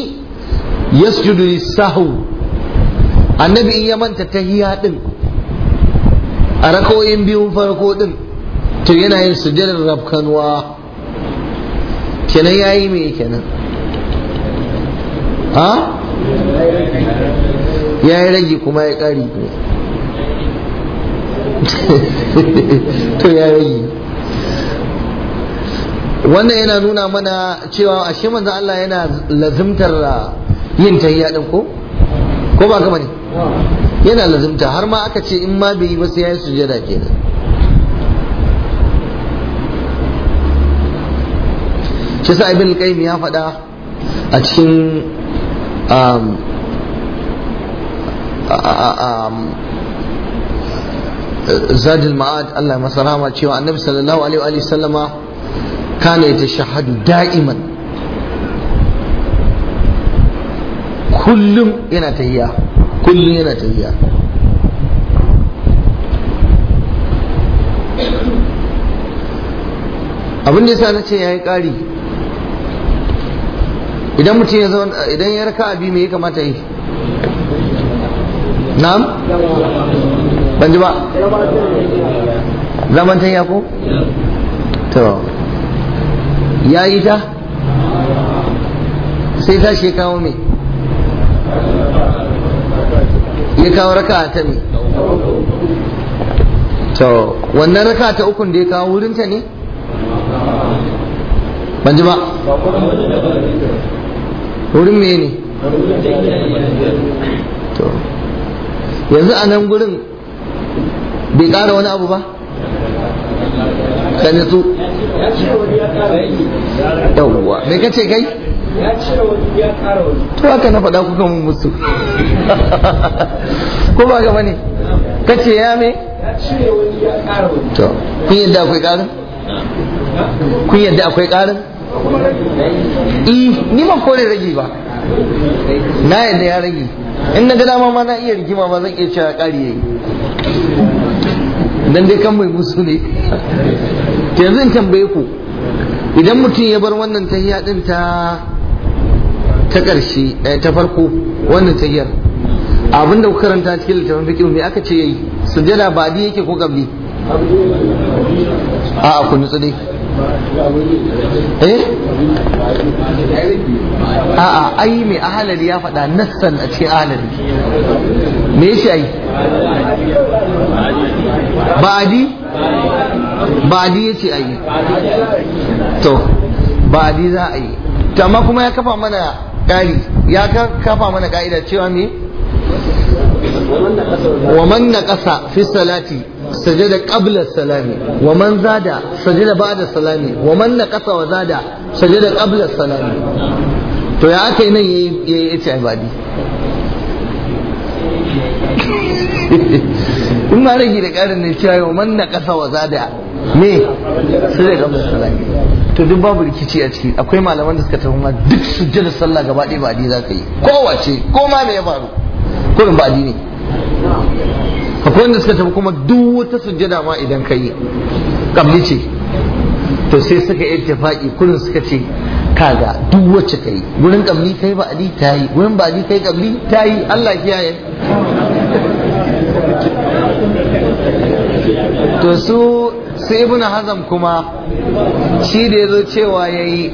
yasjudu lis-sahw annabi in ya manta tahiya din a rakoyin biyun farko din to yana yin sujjadar rabkanwa kenan yayi me kenan ha ya yi rage kuma ya ƙari to ya rage wannan yana nuna mana cewa ashe manzo Allah yana lazimtar uh, yin tahiyya din ko ko ba gama ne yana lazimta har ma aka ce in ma bai yi ba sai ya yi sujada kenan shi sa ibn qayyim ya faɗa a cikin um, uh, uh, um zadil ma'ad Allah masa rahama cewa annabi sallallahu alaihi wa alaihi sallama kana shahadu da'iman kullum yana ta tahiya kullum yana ta tahiya abin da yasa na ce ya yi kari. idan mutum ya zauna idan ya raka abi me ya kamata yi na'am ban ji ba zaman ta ko to ya yi ta sai ta shi kawo me ya kawo raka ta me to wannan raka ta ukun da ya kawo wurinta ne ban ji ba wurin mene? ne yanzu a nan gurin bai ƙara wani abu ba kan yatsu yawwa me kace kai to haka na faɗa kuka mun musu ko ba gaba ne kace ya me to kun yadda akwai ƙarin kun yadda akwai ƙarin Eh, ni ban kore rage ba na yadda ya rage in na ga dama ma na iya rigima ba zan iya cewa ƙari yayi dan dai kan mai musu ne yanzu in tambaye ku idan mutum ya bar wannan tahiya din ta ta ƙarshe eh, ta farko wannan tahiyar abin da kuka karanta cikin littafin fiqh me aka ce yayi sujada ba di yake ko gabli a ku nutsu dai eh a'a ai mai ahalari ya faɗa nassan a cikin ahalari me shi ai ba'adi ba'adi ce ai to ba'adi za a yi to amma kuma ya kafa mana ƙari ya kafa mana ƙa'ida cewa ne? wa manna ƙasa fi salati سجد qabla salami wa زاد سجد بعد ba'da salami wa وزاد سجد wa السلام تو يا salami to ya aka yi nan in ma rage da ƙarin ne cewa yau manna ƙasa wa zada me sajada qabla salami to duk babu rikici a ciki akwai malaman da suka tafi ma duk da sallah gaba ɗaya ba za ka yi kowace ko ma me ya faru kurin ba ne akwai wanda suka tafi kuma duk wata sujjada ma idan ka yi kabli ce to sai suka yi tafaki kurin suka ce kaga duk wacce ka yi wurin kabli kai ba ali ta yi wurin ba ali kai kabli ta yi Allah kiyaye to su sai ibn hazam kuma shi da ya cewa yayi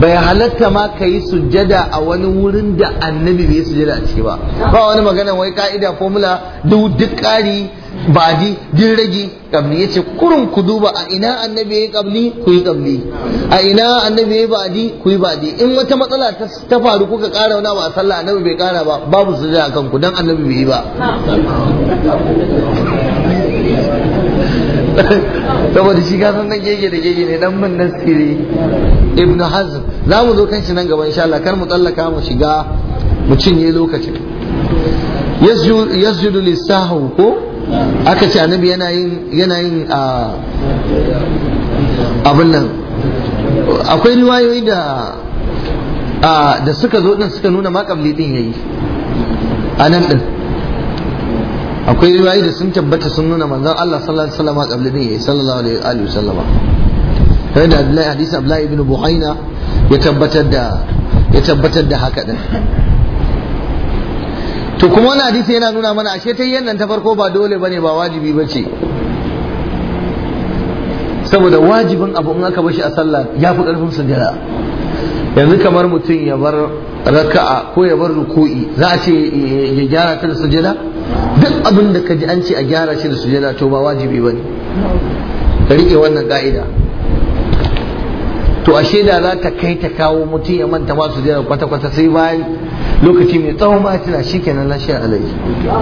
bai halatta ma ka yi sujjada a wani wurin da annabi bai sujada sujjada a ciki ba ba wani magana wai ka'ida formula duk duk kari badi din rage kabli yace kurun ku duba a ina annabi yayi kabli ku yi kabli a ina annabi yayi badi ku yi badi in wata matsala ta faru kuka ƙara wani ba sallah annabi bai kara ba babu sujjada kan ku dan annabi bai yi ba saboda shi kasan nan gege da gege ne dan mun nasiri ibn hazm za mu zo kan shi nan gaba insha Allah kar mu tsallaka mu shiga mu cinye lokacin yasjudu lisahu ko aka ce annabi yana yin yana yin abin nan akwai riwayoyi da da suka zo din suka nuna makabli din yayi anan din akwai riwayi da sun tabbata sun nuna manzon Allah sallallahu alaihi wasallam kabli din sallallahu alaihi wasallam sai da Abdullahi hadisi Abdullahi ibn Buhaina ya tabbatar da ya tabbatar da haka din to kuma wannan hadisi yana nuna mana ashe ta yannan ta farko ba dole bane ba wajibi bace saboda wajibin abu in aka bashi a sallah ya fi karfin jira. yanzu kamar mutum ya bar raka'a ko ya bar ruku'i za a ce ya gyara ta da duk abin da ka ji an ce a gyara shi da su sujada to ba wajibi ba ne ka riƙe wannan ga'ida. to ashe da za ta kai ta kawo mutum ya manta ma sujada kwata-kwata sai bayan lokaci mai tsawon ba tana shi kenan lashiyar alai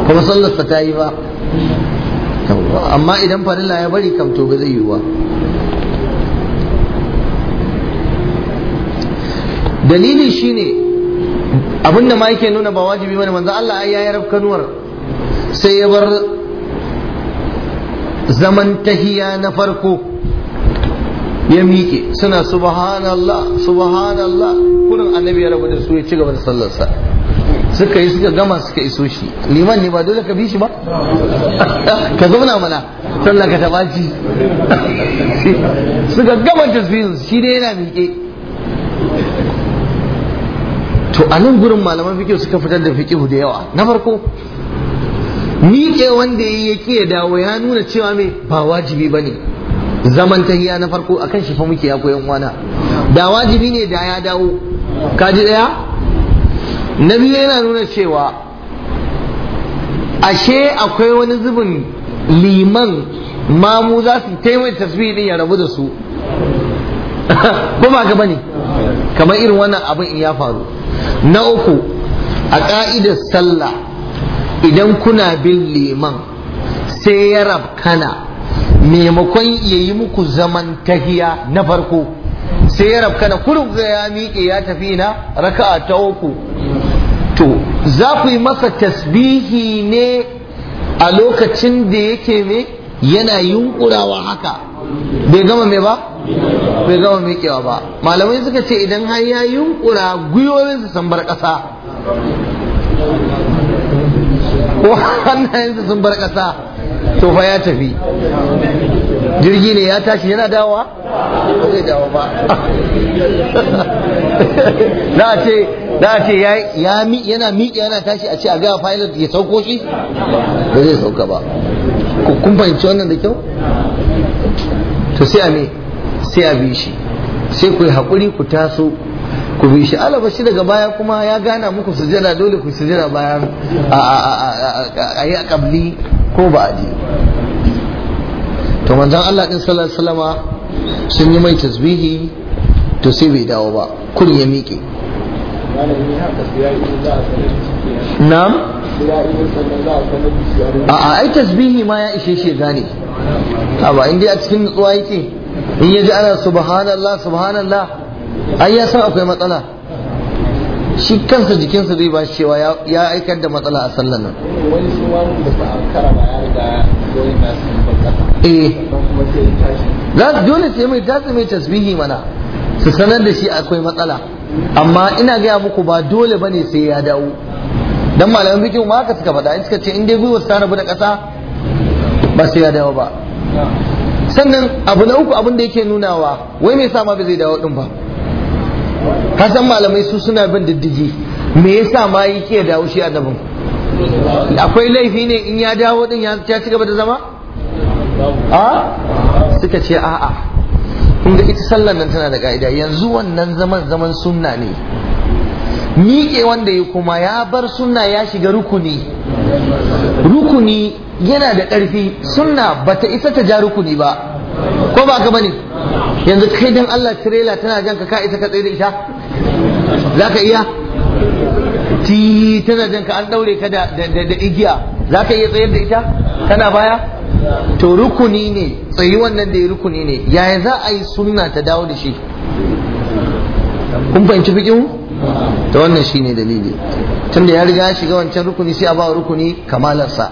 kuma sallarsa ta yi ba amma idan farilla ya bari kam to zai yi ba dalili shine abinda ma yake nuna ba wajibi bane manzo Allah ya yayi rafkanuwar sai ya bar zaman tahiya na farko ya miƙe suna subhanallah subhanallah kurin annabi ya rabu da su ya ci gaba da sallarsa suka yi suka gama suka iso shi liman ne ba dole ka bi shi ba ka zauna mana sallar ka taɓa ci suka gama tasbihin shi ne yana miƙe to a nan gurin malaman fiƙe suka fitar da fiƙihu da yawa na farko miƙe wanda ya yi ya dawo ya nuna cewa mai ba wajibi ba ne zaman na farko a kan shi fa muke ya koyan wana da wajibi ne da ya dawo kaji ɗaya na biyu yana nuna cewa ashe akwai wani zubin liman mamu za su taimaka tasbihi din ya rabu da su ko ba gaba ne kamar irin wannan abin in ya faru na uku a ƙa'idar sallah idan kuna bin liman sai ya rabkana maimakon ya yi muku zaman tahiya na farko sai ya rabkana ya miƙe ya tafi na a ta uku to za ku yi masa tasbihi ne a lokacin da yake me yana yunkurawa haka bai gama me ba bai gama miƙewa ba malamai suka ce idan har ya yunkura gwiwoyinsa sambar ƙasa wannan hannayensa sun bar ƙasa to fa ya tafi jirgi ne ya tashi yana dawa ba zai dawo ba na a ce na a ce yana miƙe yana tashi a ce a gaya pilot ya sauko shi ba zai sauka ba kun fahimci wannan da kyau to sai a me sai a bi shi sai ku yi haƙuri ku taso ku bi shi alaba shi daga baya kuma ya gana muku sujada dole ku sujada bayan a yi a kabli ko ba a to manzon Allah din sallallahu alaihi sun yi mai tasbihi to sai bai dawo ba kun ya miƙe na'am a a ai tasbihi ma ya ishe shi gane a ba inda a cikin nutsuwa yake in ya ji ana subhanallah subhanallah ai ya san akwai matsala shi kansa jikinsa zai ba cewa ya aikar da matsala a sallan nan wani su da ba a kara ba ya riga eh dole sai mai za su mai tasbihi mana su sanar da shi akwai matsala amma ina gaya muku ba dole ba ne sai ya dawo dan malamin bikin ma haka suka faɗa in suka ce in dai gwiwa ta rabu da ƙasa ba sai ya dawo ba sannan abu na uku abin da yake nunawa wai mai sa ma ba zai dawo din ba kasan malamai su suna bin diddigi me yasa ma yake ya dawo shi annabin akwai laifi ne in ya dawo din ya ci gaba da zama a suka ce a'a inda ita sallar nan tana da ka'ida yanzu wannan zaman zaman sunna ne miƙe wanda ya kuma ya bar sunna ya shiga rukuni rukuni yana da ƙarfi sunna bata isa ta ja rukuni ba ko ba ka bane yanzu kai dan Allah tirela tana jan ka isa ka tsaye da ita za ka iya ti tana jan ka an daure ka da igiya za ka iya tsayar da ita kana baya to rukuni ne tsayi wannan da ya rukuni ne yaya za a yi sunna ta dawo da shi kun fahimci fikin ta wannan shi ne dalili tunda ya riga ya shiga wancan rukuni sai a ba rukuni kamalarsa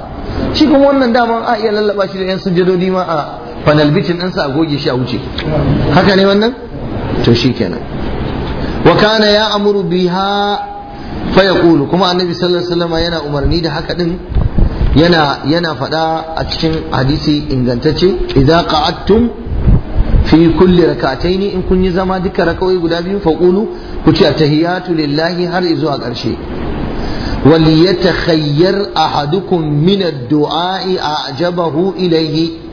shi kuma wannan daman a iya lallaba shi da yan sujadodi ma a fanal bitin ɗinsa a goge shi a wuce haka ne wannan to shi kenan wa kana ya amuru biha fa yaqulu kuma annabi sallallahu alaihi wasallam yana umarni da haka din yana yana faɗa a cikin hadisi ingantacce idza qa'adtum fi kulli rak'ataini in kun yi zama duka rak'o'i guda biyu fa Kulu? ku ci tahiyatu lillahi har zuwa ƙarshe وليتخير أحدكم من الدعاء ajabahu إليه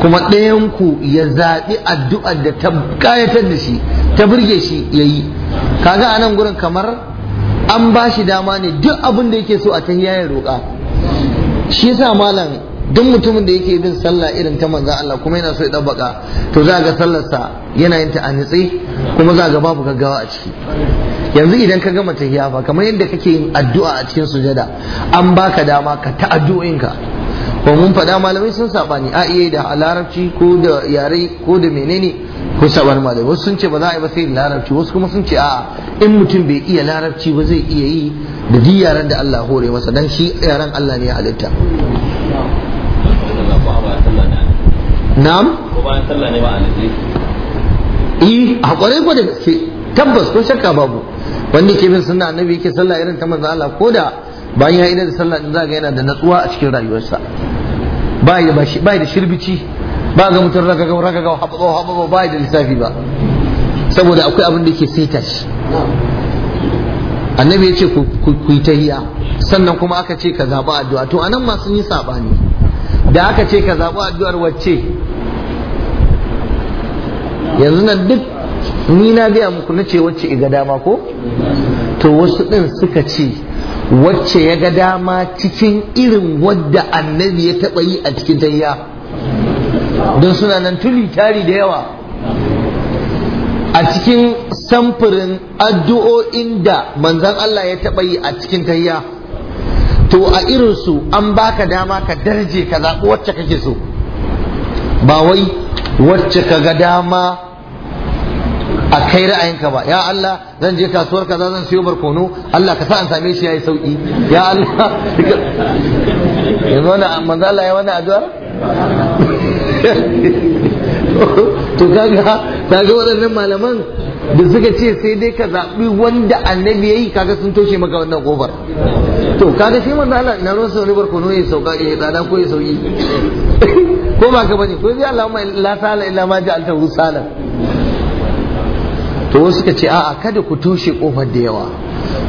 kuma ɗayanku ya zaɓi addu'ar da ta ƙayatar da shi ta burge shi ya yi kaga a nan gurin kamar an ba shi dama ne duk abin da yake so a ta ya roƙa shi yasa malam duk mutumin da yake bin sallah irin ta manzan Allah kuma yana so ya ɗabbaka to za ga sallarsa yana yin ta a kuma za ga babu gaggawa a ciki yanzu idan ka gama tahiya fa kamar yadda kake yin addu'a a cikin sujada an baka dama ka ta addu'o'inka ko mun faɗa malamai sun saɓani a iya da larabci ko da yare ko da menene ko saɓar malamai wasu sun ce ba za a yi ba sai da larabci wasu kuma sun ce a in mutum bai iya larabci ba zai iya yi da duk yaren da Allah hore masa dan shi yaren Allah ne ya halitta na'am ko bayan sallah ne ba a eh a kwarai ko da gaske tabbas ko shakka babu wanda ke bin sunna annabi yake sallah irin ta manzo Allah ko da bayan ya ina da sallah din za yana da natsuwa a cikin rayuwarsa ba ya ba ba da shirbici ba ga mutum ragaga ga hababo hababo ba da lissafi ba saboda akwai abin da yake saita shi annabi ya ce ku yi tahiya sannan kuma aka ce ka zaɓi addu'a to anan ma sun yi sabani da aka ce ka zaɓi addu'ar wacce yanzu nan duk ni na gaya muku na ce wacce iga dama ko to wasu ɗin suka ce wacce ya ga dama cikin irin wadda annabi ya taɓa yi a cikin tayya don suna nan tuli tari da yawa a cikin samfurin addu'o'in da manzan Allah ya taɓa yi a cikin tayya to a irinsu an baka dama ka darje ka zaɓi wacce kake so ba wai wacce ka ga dama a kai ra'ayinka ba ya Allah zan je kasuwar kaza zan siyo barkono Allah ka sa an same shi yayi sauki ya Allah yanzu na manzo Allah ya wani addu'a to kaga kaga waɗannan malaman da suka ce sai dai ka zaɓi wanda annabi yayi kaga sun toshe maka wannan kofar to kaga shi manzo Allah na ruwan sauri barkono ya sauka yayi tsada ko ya sauki ko ba ka bane ko bi Allahumma la sala illa ma ja'alta salan to wasu suka ce a'a kada ku toshe kofar da yawa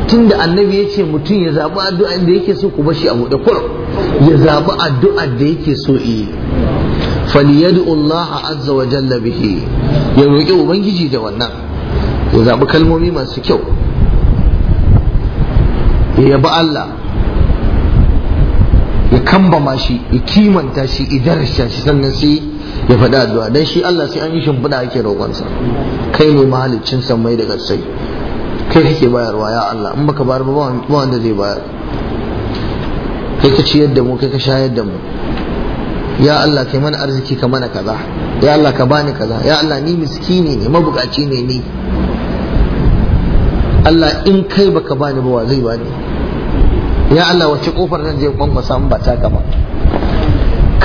tunda annabi ya ce mutum ya zaɓi addu'ar da yake so ku bashi a buɗe kur ya zaɓi addu'ar da yake so yi faliyadu Allah azza wa jalla bihi ya roƙi ubangiji da wannan ya zaɓi kalmomi masu kyau ya yabi Allah ya kambama shi ya kimanta shi ya shi sannan sai ya faɗi addu'a dan shi Allah sai an yi shimfiɗa ake roƙonsa kai ne mahaliccin sammai da gatsai kai kake bayarwa ya Allah in baka bayar ba wanda zai bayar kai ka ciyar da mu kai ka shayar da mu ya Allah kai mana arziki ka mana kaza ya Allah ka bani kaza ya Allah ni miskini ne mabukaci ne ni Allah in kai baka bani ba wa zai bani ya Allah wace kofar zan je kwankwasa in ba ta gaba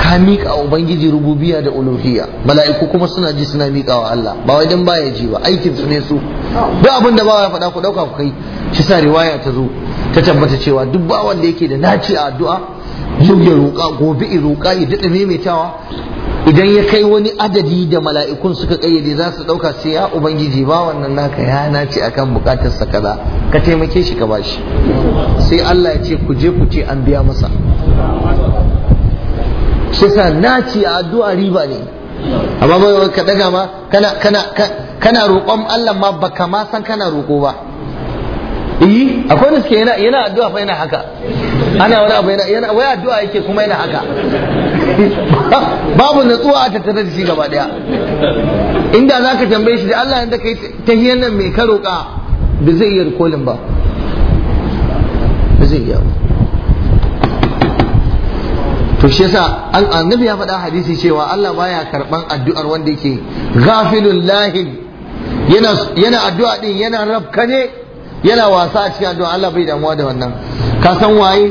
ka miƙa ubangiji rububiya da uluhiyya mala'iku kuma suna ji suna miƙa wa Allah ba wai dan baya ji ba aikin su ne su duk abin da bawa ya faɗa ku ɗauka ku kai shi sa riwaya ta zo ta tabbata cewa duk ba wanda yake da naci a addu'a duk ya roƙa gobe ya roƙa ya daɗa maimaitawa idan ya kai wani adadi da mala'ikun suka kayyade za su ɗauka sai ya ubangiji ba wannan naka ya nace akan bukatar sa kaza ka taimake shi ka bashi sai Allah ya ce ku je ku ce an biya masa shi sa naci a addu'a riba ne amma bai ka daga ma kana kana kana roƙon Allah ma baka ma san kana roƙo ba eh akwai wanda suke yana yana addu'a fa yana haka ana wani abu yana yana wai addu'a yake kuma yana haka babu natsuwa a tattare da shi gaba daya inda zaka tambaye shi da Allah inda kai hiyan nan mai ka roƙa da zai yi rikolin ba ba zai yi to shi yasa annabi ya faɗa hadisi cewa Allah baya karban addu'ar wanda yake ghafilul lahi. yana yana addu'a din yana ne yana wasa a cikin addu'a Allah bai damuwa da wannan ka san waye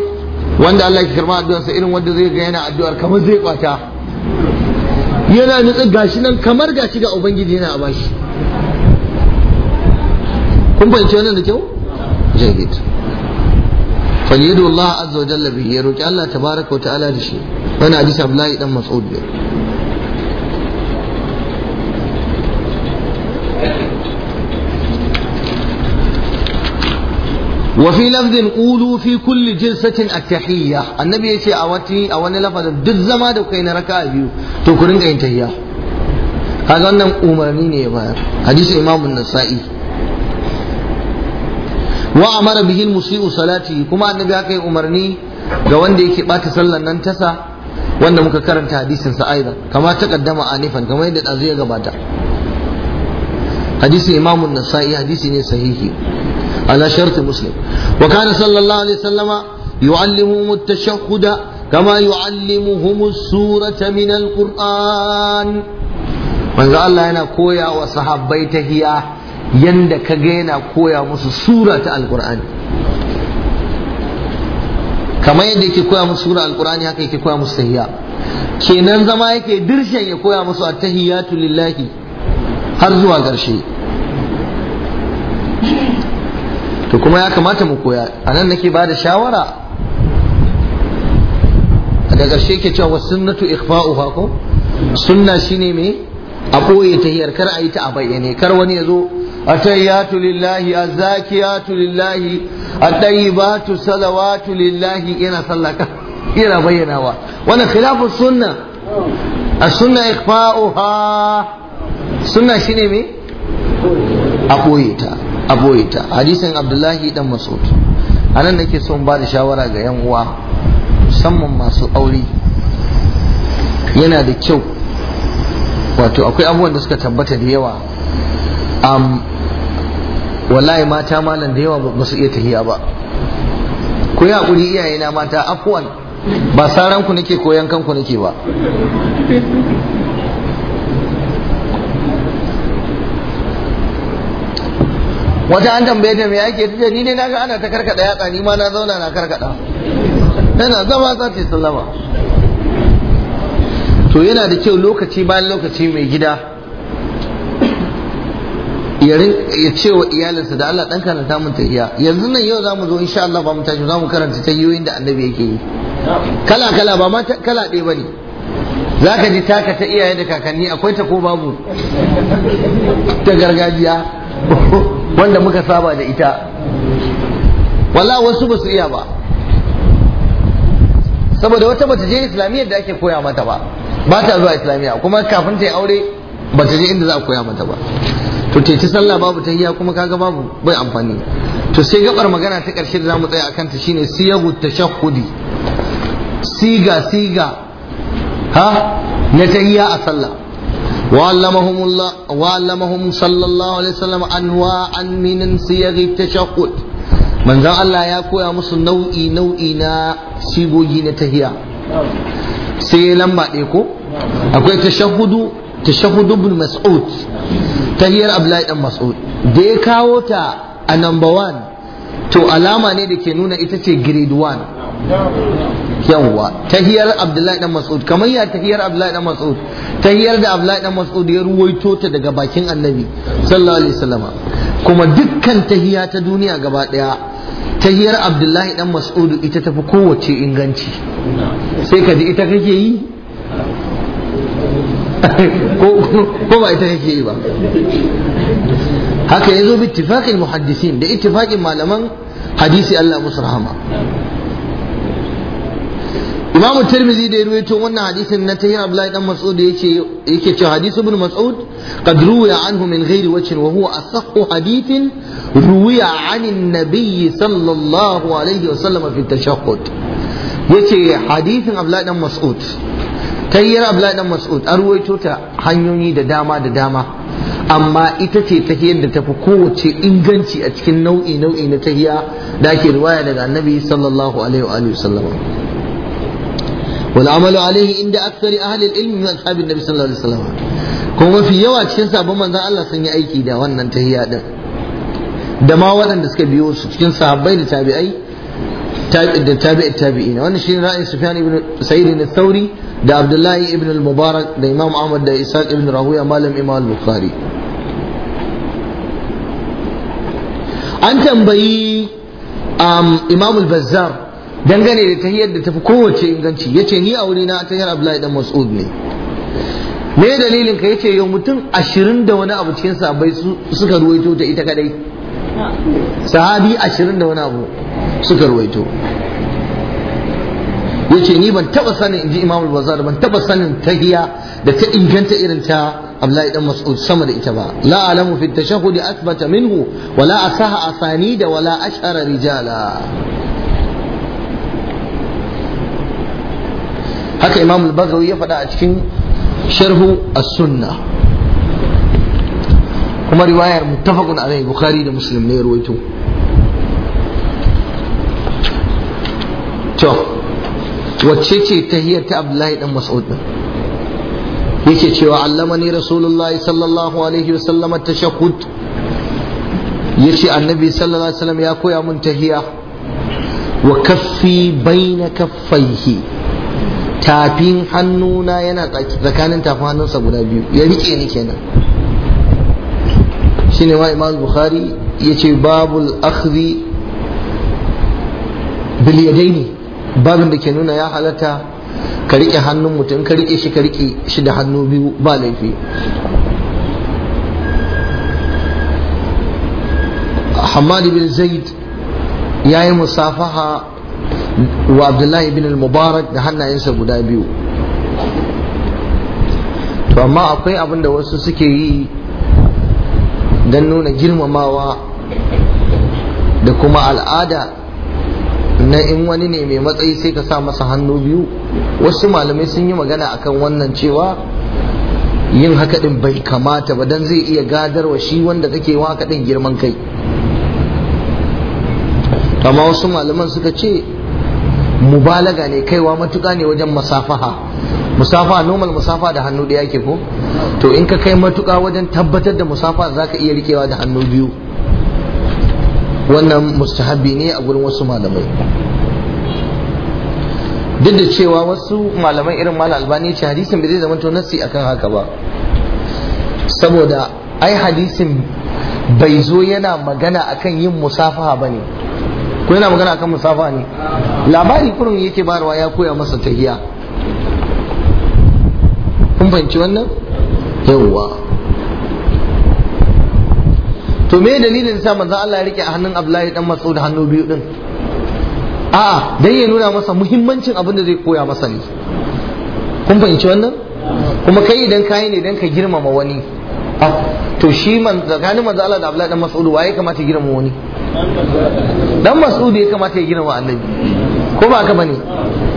wanda Allah ke karba sa irin wanda zai ga yana addu'ar kamar zai kwata yana nutsi gashi nan kamar gashi ga ubangiji yana a bashi kun fahimci wannan da kyau jayyid fajidu Allah azza wa jalla ya roki Allah tabaraka wa ta'ala da shi wani hadisi Abdullahi dan Mas'ud ne wa fi lafdin fi kulli jilsatin Atahiyya annabi ya ce wati a wani lafazin duk zama da kai na raka'a biyu to ku rinka yin tahiyya kaga wannan umarni ne ya bayar hadisi Imamun an-Nasa'i wa amara bihi musiu salati kuma annabi haka yi umarni ga wanda yake bata sallar nan tasa wanda muka karanta hadisin sa aidan kama ta kaddama anifan kamar yadda dazu ya gabata hadisin imamu nasa'i hadisi ne sahihi ala sharti muslim wa kana sallallahu alaihi wasallama yu'allimuhum at-tashahhud kama yu'allimuhum as-surata min al-qur'an manzo Allah yana koya wa sahabbai tahiyya yanda ka ga yana koya musu sura ta alkur'ani kamar yadda yake koya musu sura alkur'ani haka yake koya musu tahiyya kenan zama yake dirshen ya koya musu a tahiyyatu lillahi har zuwa ƙarshe to kuma ya kamata mu koya a nan nake bada shawara da ƙarshe ke cewa wasu sunnatu ikfa'u ko sunna shine me a ɓoye tahiyar kar a yi ta a bayyane kar wani ya zo التحيات لله الزاكيات لله الطيبات الصلوات لله إنا صلك إنا بينها وانا خلاف السنة السنة إخفاؤها سنة شنو مي أبويتا أبويتا حديث عبد الله بن مسعود أنا نكي سون بعد شاورا ga yan uwa musamman masu aure yana da kyau wato akwai abubuwan da suka tabbata da yawa um, wallahi mata malam da yawa ba su iya tahiya ba ku yi haƙuri iyayena mata afuwan ba saranku nake koyan kanku nake ba wata an tambaye ta me ake tafiya ni ne na ga ana ta karkada yatsa ni ma na zauna na karkada tana zama za ta sallama to yana da kyau lokaci bayan lokaci mai gida ya ce wa iyalinsa da Allah dan karanta mun iya yanzu nan yau za mu zo insha Allah ba mu tashi mu karanta ta tahiyoyin da annabi yake yi kala kala ba ma kala ɗaya bane zaka ji taka ta iyaye da kakanni akwai ta ko babu ta gargajiya wanda muka saba da ita wala wasu ba su iya ba saboda wata bata je islamiyya da ake koya mata ba ba ta zuwa islamiyya kuma kafin ta yi aure bata je inda za a koya mata ba to teci sallah babu ta tahiyya kuma kaga babu bai amfani to sai gabar magana ta karshe da zamu tsaya akan ta shine siyahu tashahhudi siga siga ha na ta tahiyya a sallah وعلمهم sallallahu alaihi صلى الله anwa an انواعا من صيغ التشهد من ذا الله يا كويا مس نوعي نوعي نا سيغوجي na tahiya sai lamba ɗaya ko akwai tashahhudu tashahud ibn mas'ud tahiyar abdullahi dan mas'ud da ya kawo ta a number one to alama ne da ke nuna ita ce grade one yawwa tahiyar abdullahi dan mas'ud kamar ya tahiyar abdullahi dan mas'ud tahiyar da abdullahi dan mas'ud ya ruwaito ta daga bakin annabi sallallahu alaihi wasallam kuma dukkan tahiya ta duniya gaba daya hiyar abdullahi dan mas'ud ita tafi kowace inganci sai ka ji ita kake yi ko ba ita kake yi ba haka yazo bi ittifaqil muhaddisin da ittifaqin malaman hadisi Allah musu rahama Imam Tirmidhi da ruwaito wannan hadisin na Tahir Abdullahi dan Mas'ud yake yake cewa hadisi ibn Mas'ud qad ruwiya anhu min ghairi wajhin wa huwa asahhu hadithin ruwiya anin nabiyyi sallallahu alaihi wa sallam fi tashahhud yace hadisin Abdullahi dan Mas'ud tayyar abdullahi dan mas'ud an ruwaito ta hanyoyi da dama da dama amma ita ce tahiyar da fi kowace inganci a cikin nau'i nau'i na tahiya da ake riwaya daga annabi sallallahu alaihi wa alihi wasallam wal amalu alaihi inda aktsari ahli al-ilmi min ashabin nabi sallallahu alaihi wasallam kuma mafi yawa cikin sabon manzon Allah sun yi aiki da wannan tahiya din da ma waɗanda suka biyo su cikin sahabbai da tabi'ai da tabi'i tabi'ina wannan shine ra'ayin Sufyan ibn Sa'id ibn Thawri da Abdullahi ibn al-Mubarak da Imam Ahmad da isa ibn Rahuya malam Imam al-Bukhari an tambayi um, Imam al-Bazzar dangane da tahiyyar da tafi kowace inganci yace ni a wurina tahiyyar Abdullahi dan Mas'ud ne me dalilin ka yace yau mutum ashirin da wani abu cikin sahabbai suka ruwaito ta ita kadai sahabi ashirin da wani abu suka ruwaito yace ni ban taba sanin inji Imam al bazar ban taba sanin ta giya da ta inganta irin ta Abdullahi dan Mas'ud sama da ita ba la alamu fi tashahhud athbata minhu wala la asaha da wa la ashara rijala haka Imam al ya faɗa a cikin sharhu as-sunnah kuma riwayar muttafaqun alayhi Bukhari da Muslim ne ruwaito to wacce ce tahiyar ta abdullahi dan mas'ud din yake cewa allamani rasulullahi sallallahu alaihi wasallam tashahhud yace annabi sallallahu alaihi wasallam ya koya mun tahiya wa kaffi baina kaffaihi tafin hannuna yana tsakanin tafin hannunsa guda biyu ya rike ni kenan shine wa imam bukhari yace babul akhdhi bil yadaini babin da ke nuna ya halatta ka riƙe hannun mutum ka riƙe shi ka riƙe shi da hannu biyu ba laifi Hamad bin Zaid ya yi musafaha wa Abdullahi bin Mubarak da hannayensa guda biyu to amma akwai abin da wasu suke yi don nuna girmamawa da kuma al'ada sannan in wani ne mai matsayi sai ka sa masa hannu biyu wasu malamai sun yi magana akan wannan cewa yin haka din bai kamata ba dan zai iya gadarwa shi wanda kake wa haka din girman kai amma wasu malaman suka ce mubalaga ne kaiwa matuka ne wajen masafaha musafa normal musafa da hannu ɗaya ke ko to in ka kai matuka wajen tabbatar da musafa zaka iya rikewa da hannu biyu wannan mustahabi ne a gurin wasu malamai duk da cewa wasu malamai irin mala albani ce hadisin bai zai zama to nasi akan haka ba saboda ai hadisin bai zo yana magana akan yin musafaha ba ne ko yana magana akan musafaha ne labari kurin yake barwa ya koya masa tahiya kun fahimci wannan yawwa to me dalilin sa manzo Allah ya rike a hannun Abdullahi dan Mas'ud hannu biyu din a'a dan ya nuna masa muhimmancin abin da zai koya masa ne kun fahimci wannan kuma kai idan kai ne dan ka girmama wani to shi man tsakanin manzo Allah da Abdullahi dan Mas'ud waye kamata ya girmama wani dan Mas'ud ya kamata ya girmama Annabi ko ba haka bane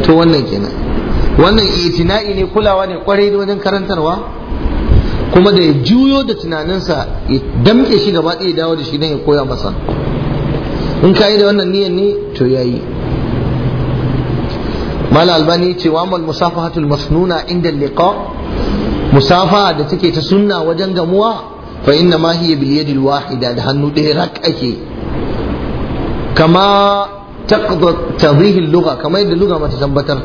to wannan kenan wannan itina'i ne kulawa ne kwarai da wajen karantarwa kuma da ya juyo da tunaninsa ya damke shi gaba ɗaya dawo da shi don ya koya masa in ka yi da wannan niyan ne to ya yi mala albani ce wa mal musafahatul masnuna inda liqa musafa da take ta sunna wajen gamuwa fa inna ma hiya bil yadil wahida da hannu ɗaya rak ake kama tadhihi lugha kama yadda lugha mata tabbatar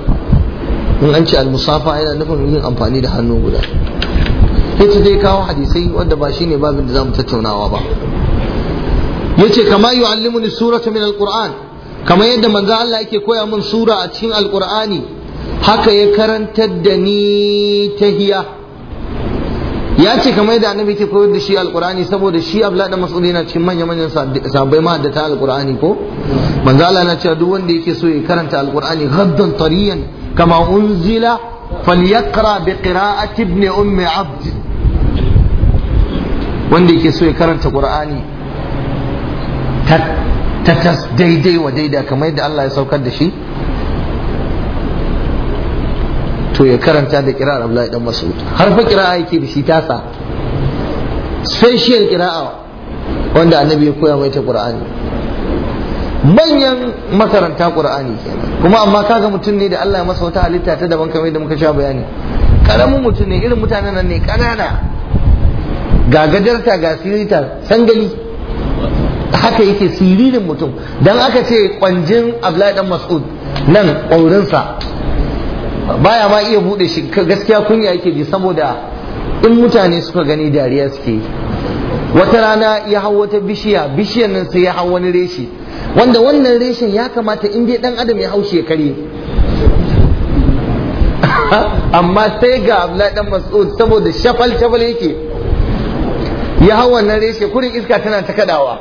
in an ce al musafa yana nufin yin amfani da hannu guda yace zai kawo hadisai wanda ba shi shine babin da mu tattaunawa ba yace kama yu'allimuni surata min alquran kamar yadda manzo Allah yake koya min sura a cikin alqur'ani haka ya karantar da ni tahiya ya ce kama yadda annabi ke koyar da shi alqur'ani saboda shi abla da mas'ud na cikin manya manyan sahabbai ma da ko manzo Allah na cewa duk wanda yake so ya karanta alqur'ani ghaddan tariyan kama unzila falyaqra biqira'ati ibn ummi abd wanda yake so ya karanta qur'ani ta tas daidai wa daida kamar yadda Allah ya saukar da shi to ya karanta da kirar Abdullahi dan Mas'ud har fa kira yake da shi tasa special kira'a wanda annabi ya koya mai ta qur'ani manyan makaranta qur'ani kenan kuma amma kaga mutum ne da Allah ya masa wata halitta ta daban kamar yadda muka sha bayani karamin mutum ne irin mutanen nan ne kanana ga gajarta ga sirita sangali haka yake siririn mutum Don aka ce kwanjin abdullahi dan mas'ud nan ƙaurinsa baya ma iya buɗe shi gaskiya kunya yake ji saboda in mutane suka gani dariya suke wata rana ya hau wata bishiya bishiyar nan sai ya hau wani reshe wanda wannan reshen ya kamata in dai dan adam ya hau shi ya amma sai ga abdullahi dan mas'ud saboda shafal shafal yake ya hau wannan reshe kurin iska tana ta kadawa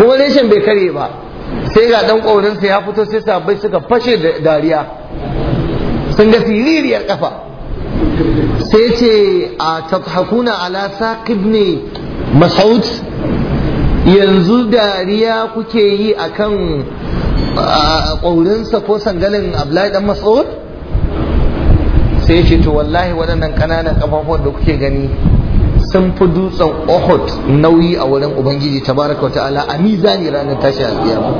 kuma reshen bai kare ba sai ga dan ƙwaurinsa ya fito sai sabai suka fashe da dariya sun ga siririyar kafa sai ce a tafhakuna ala saqib ne mas'ud yanzu dariya kuke yi akan ƙwaurinsa ko sangalin abdullahi dan mas'ud sai ce to wallahi waɗannan ƙananan kafafuwan da kuke gani sun fi dutsen Ohot nauyi a wurin ubangiji tabaraka wa ta'ala a mizani ranar tashi alƙiyama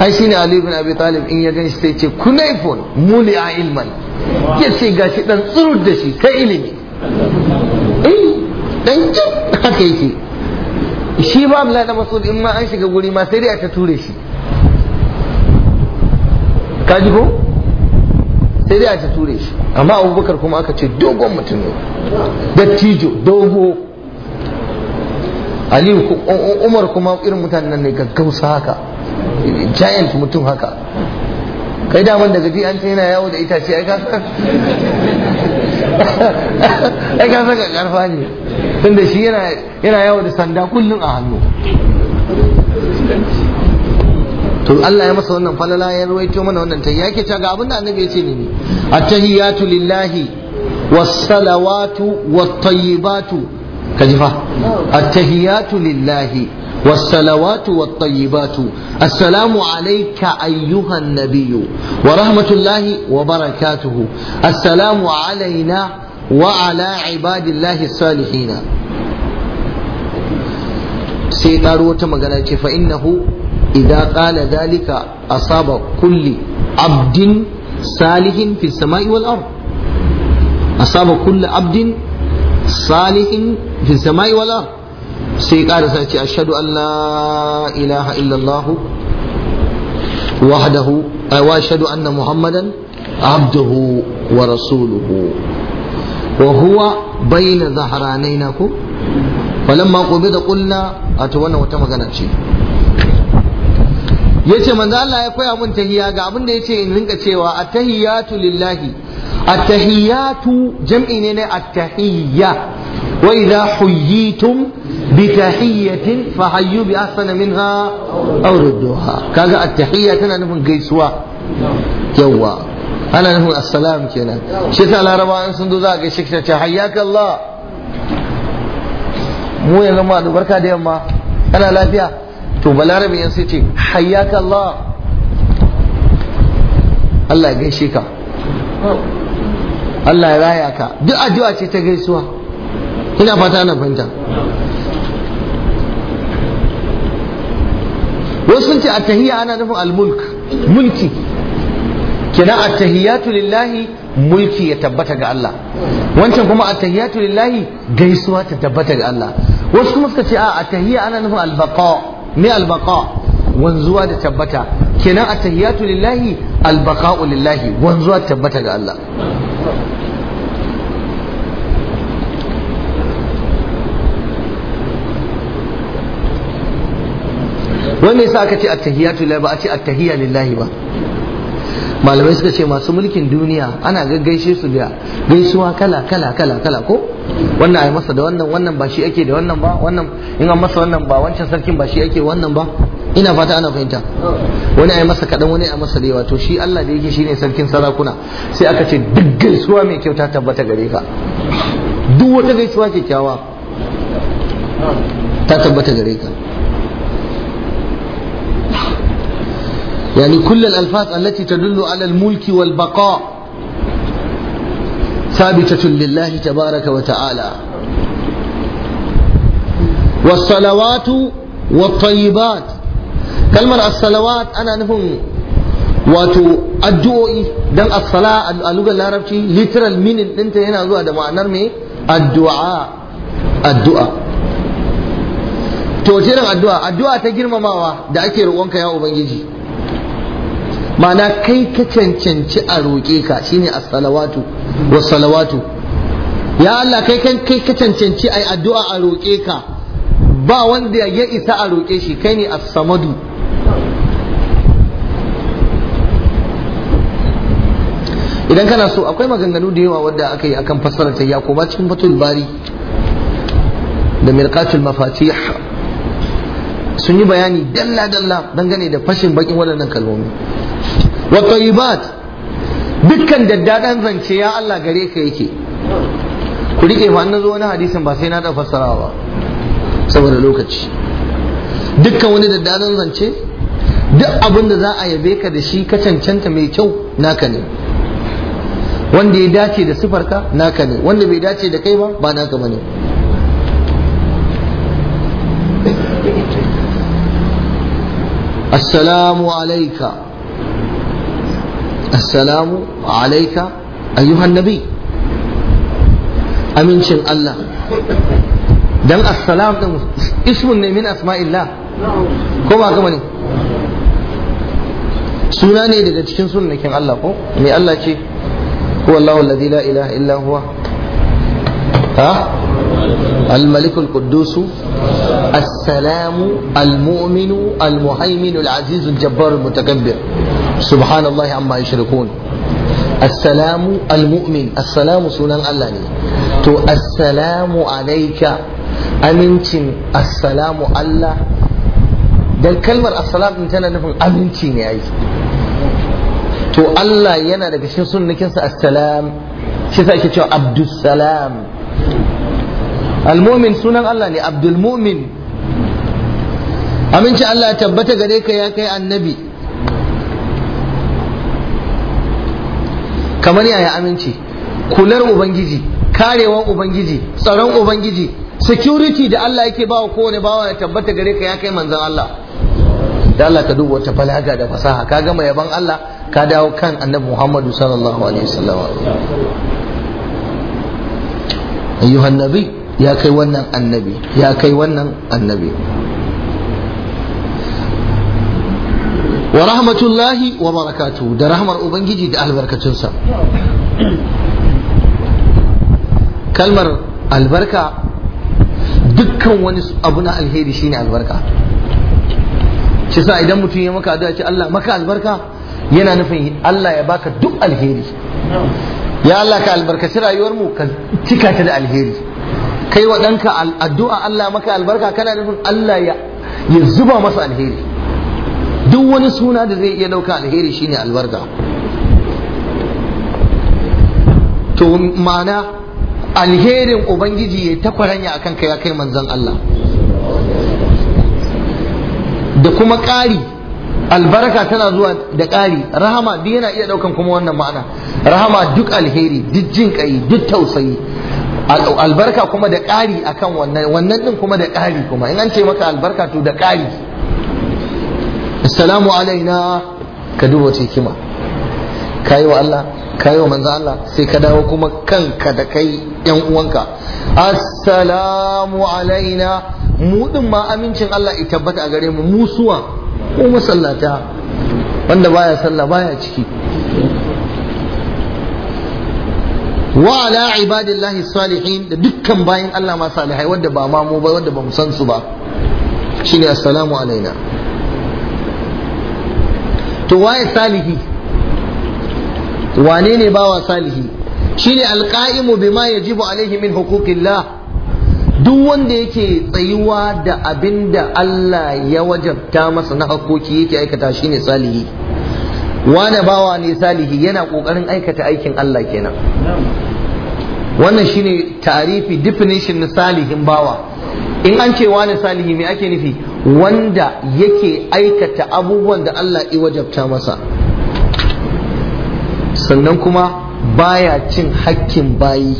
ai shine Ali ibn Abi Talib in ya gani sai ce naifon muli a ilman ya ce gashi dan tsurur da shi ta ilimi eh dan jin haka yake shi ba Abdullahi lada masu in ma an shiga guri ma sai dai a ta ture shi kaji ko sai dai a ta ture shi amma abubakar kuma aka ce dogon mutum ne dattijo dogo aliyu umar kuma irin mutanen ne gaggausa haka giant mutum haka kai daman daga ji an ce yana yawo da itace ai kasar ai kasar ga karfa ne tunda shi yana yawo da sanda kullum a hannu to Allah ya masa wannan falala ya ruwaito mana wannan ta yake ta ga da annabi ya ce ne at-tahiyatu lillahi was-salawatu wat-tayyibatu kaji fa at-tahiyatu lillahi والصلوات والطيبات السلام عليك أيها النبي ورحمة الله وبركاته السلام علينا وعلى عباد الله الصالحين سيقاروا تمغنى فإنه idza qala dhalika asaba kulli abdin salihin fi samai wal ard asaba abdin salihin fi samai sai ƙara sa ce ashhadu an la ilaha illallah wahdahu wa ashhadu anna muhammadan abduhu wa rasuluhu wa huwa bayna zahranainakum wata magana ce ya ce manzo Allah ya koya mun tahiyya ga abin da ya ce in rinka cewa attahiyatu lillahi attahiyatu jam'i ne na attahiyya wa idha huyyitum bi tahiyyatin fahayyu bi ahsana minha aw rudduha kaga at-tahiyya tana nufin gaisuwa yawa ana nufin assalam kenan shi ta laraba an sun zo za a gaishe ta ce hayyaka Allah mu yanzu ma barka da yamma kana lafiya to balarabin yan sai ce hayyaka Allah Allah ya gaishe ka Allah ya raya ka duk addu'a ce ta gaisuwa ina fata na fahimta wasu sun ce attahiyya ana nufin almulk mulki kenan attahiyatu lillahi mulki ya tabbata ga Allah wancan kuma attahiyatu lillahi gaisuwa ta tabbata ga Allah wasu kuma suka ce a attahiyya ana nufin albaqa me albaqa wanzuwa da tabbata kenan attahiyatu lillahi albaqa'u lillahi wanzuwa tabbata ga Allah aka ce attahiyatu lillahi ba a ce attahiyya lillahi ba malamai suka ce masu mulkin duniya ana gaggaishe su da gaisuwa kala kala kala kala ko wannan yi masa da wannan wannan ba shi ake da wannan ba wannan in an masa wannan ba wancan sarkin ba shi ake wannan ba ina fata ana fahimta wani yi masa kadan wani yi masa da yawa to shi Allah da yake shine sarkin sarakuna sai aka ce duk gaisuwa mai kyau ta tabbata gare ka duk wata gaisuwa kyakkyawa ta tabbata gare ka يعني كل الألفاظ التي تدل على wal والبقاء ثابتة لله تبارك وتعالى والصلوات والطيبات كلمة الصلوات أنا نفهم wato addu'o'i dan as-sala a lugar larabci literal meaning ɗinta yana zuwa da ma'anar me addu'a addu'a to ce addu'a addu'a ta girmamawa da ake roƙonka ya ubangiji ma'ana kai ka cancanci a roƙe ka shine as-salawatu was salawatu ya Allah kai kan kai ka cancanci ai addu'a a roƙe ka ba wanda ya isa a roƙe shi kai ne as-samadu idan kana so akwai maganganu da yawa wadda aka yi akan fassarar ta ya koma cikin fatul bari da mirqatul mafatih sun yi bayani dalla dalla dangane da fashin bakin waɗannan kalmomi wa tayyibat dukkan daddadan zance ya Allah gare ka yake ku rike fa na zo wani hadisin ba sai na da fassara ba saboda lokaci dukkan wani daddadan zance duk abin da za a yabe ka da shi ka cancanta mai kyau naka ne wanda ya dace da sifarka naka ne wanda bai dace da kai ba ba naka bane assalamu alaika assalamu alaika ayyuhan nabi amincin Allah dan assalam din ismun ne min asma'illah ko ba ka bane suna ne daga cikin sunnakin Allah ko me Allah ce huwa Allahu alladhi la ilaha illa huwa الملك القدوس السلام المؤمن المهيمن العزيز الجبار المتكبر سبحان الله عما يشركون السلام المؤمن السلام سنان الله تو السلام عليك amincin assalamu Allah dan kalmar assalam tana nufin aminci ne ai to Allah yana daga cikin sunnikinsa assalam shi sa ake cewa abdussalam almumin sunan Allah ne abdul mumin aminci Allah ya tabbata gare ka ya kai annabi kamar yaya aminci kular ubangiji karewan ubangiji tsaron ubangiji security da Allah yake ba wa kowane bawa ya tabbata gare ka ya kai manzan Allah da Allah ka duba wata falaga da fasaha ka gama yaban Allah ka dawo kan annabi Muhammadu sallallahu alaihi wasallam ayyuhan nabi ya kai wannan annabi ya kai wannan annabi wa rahmatullahi wa barakatu da rahmar ubangiji da albarkacinsa kalmar albarka dukkan wani abu na alheri shine albarka shi sa idan mutum ya maka addu'a ce Allah maka albarka yana nufin Allah ya baka duk alheri ya Allah ka albarkaci rayuwar mu ka cika ta da alheri kai wa ɗanka addu'a Allah maka albarka kana nufin Allah ya zuba masa alheri duk wani suna da zai iya ɗauka alheri shine albarka to ma'ana alherin ubangiji ya ta kwaranya akan kaya ya kai manzon Allah da kuma ƙari albarka tana zuwa da ƙari rahama duk yana iya ɗaukan kuma wannan ma'ana rahama duk alheri duk jin ƙai duk tausayi albarka kuma da ƙari kan wannan wannan ɗin kuma da ƙari kuma in an ce maka albarka to da ƙari assalamu alaina ka duba wace Ka yi wa Allah ka yi wa manzan Allah sai ka dawo kuma kanka da kai yan uwanka assalamu alaina mu ɗin ma amincin Allah ya tabbata a gare mu musuwa ko masallata wanda baya sallah baya ciki wa ala ibadillahi salihin da dukkan bayan Allah ma salihai wanda ba ma mu ba wanda ba mu san su ba shine assalamu alaina to waye salihi wane ne bawa salihi shine alqaimu bima yajibu alaihi min huquqillah duk wanda yake tsayuwa da abinda Allah ya wajabta masa na hakoki yake aikata shine salihi wane bawa ne salihi yana kokarin aikata aikin Allah kenan wannan shine tarifi definition na salihin bawa in an ce wane salihi me ake nufi wanda yake aikata abubuwan da Allah ya wajabta masa sannan kuma baya cin hakkin bayi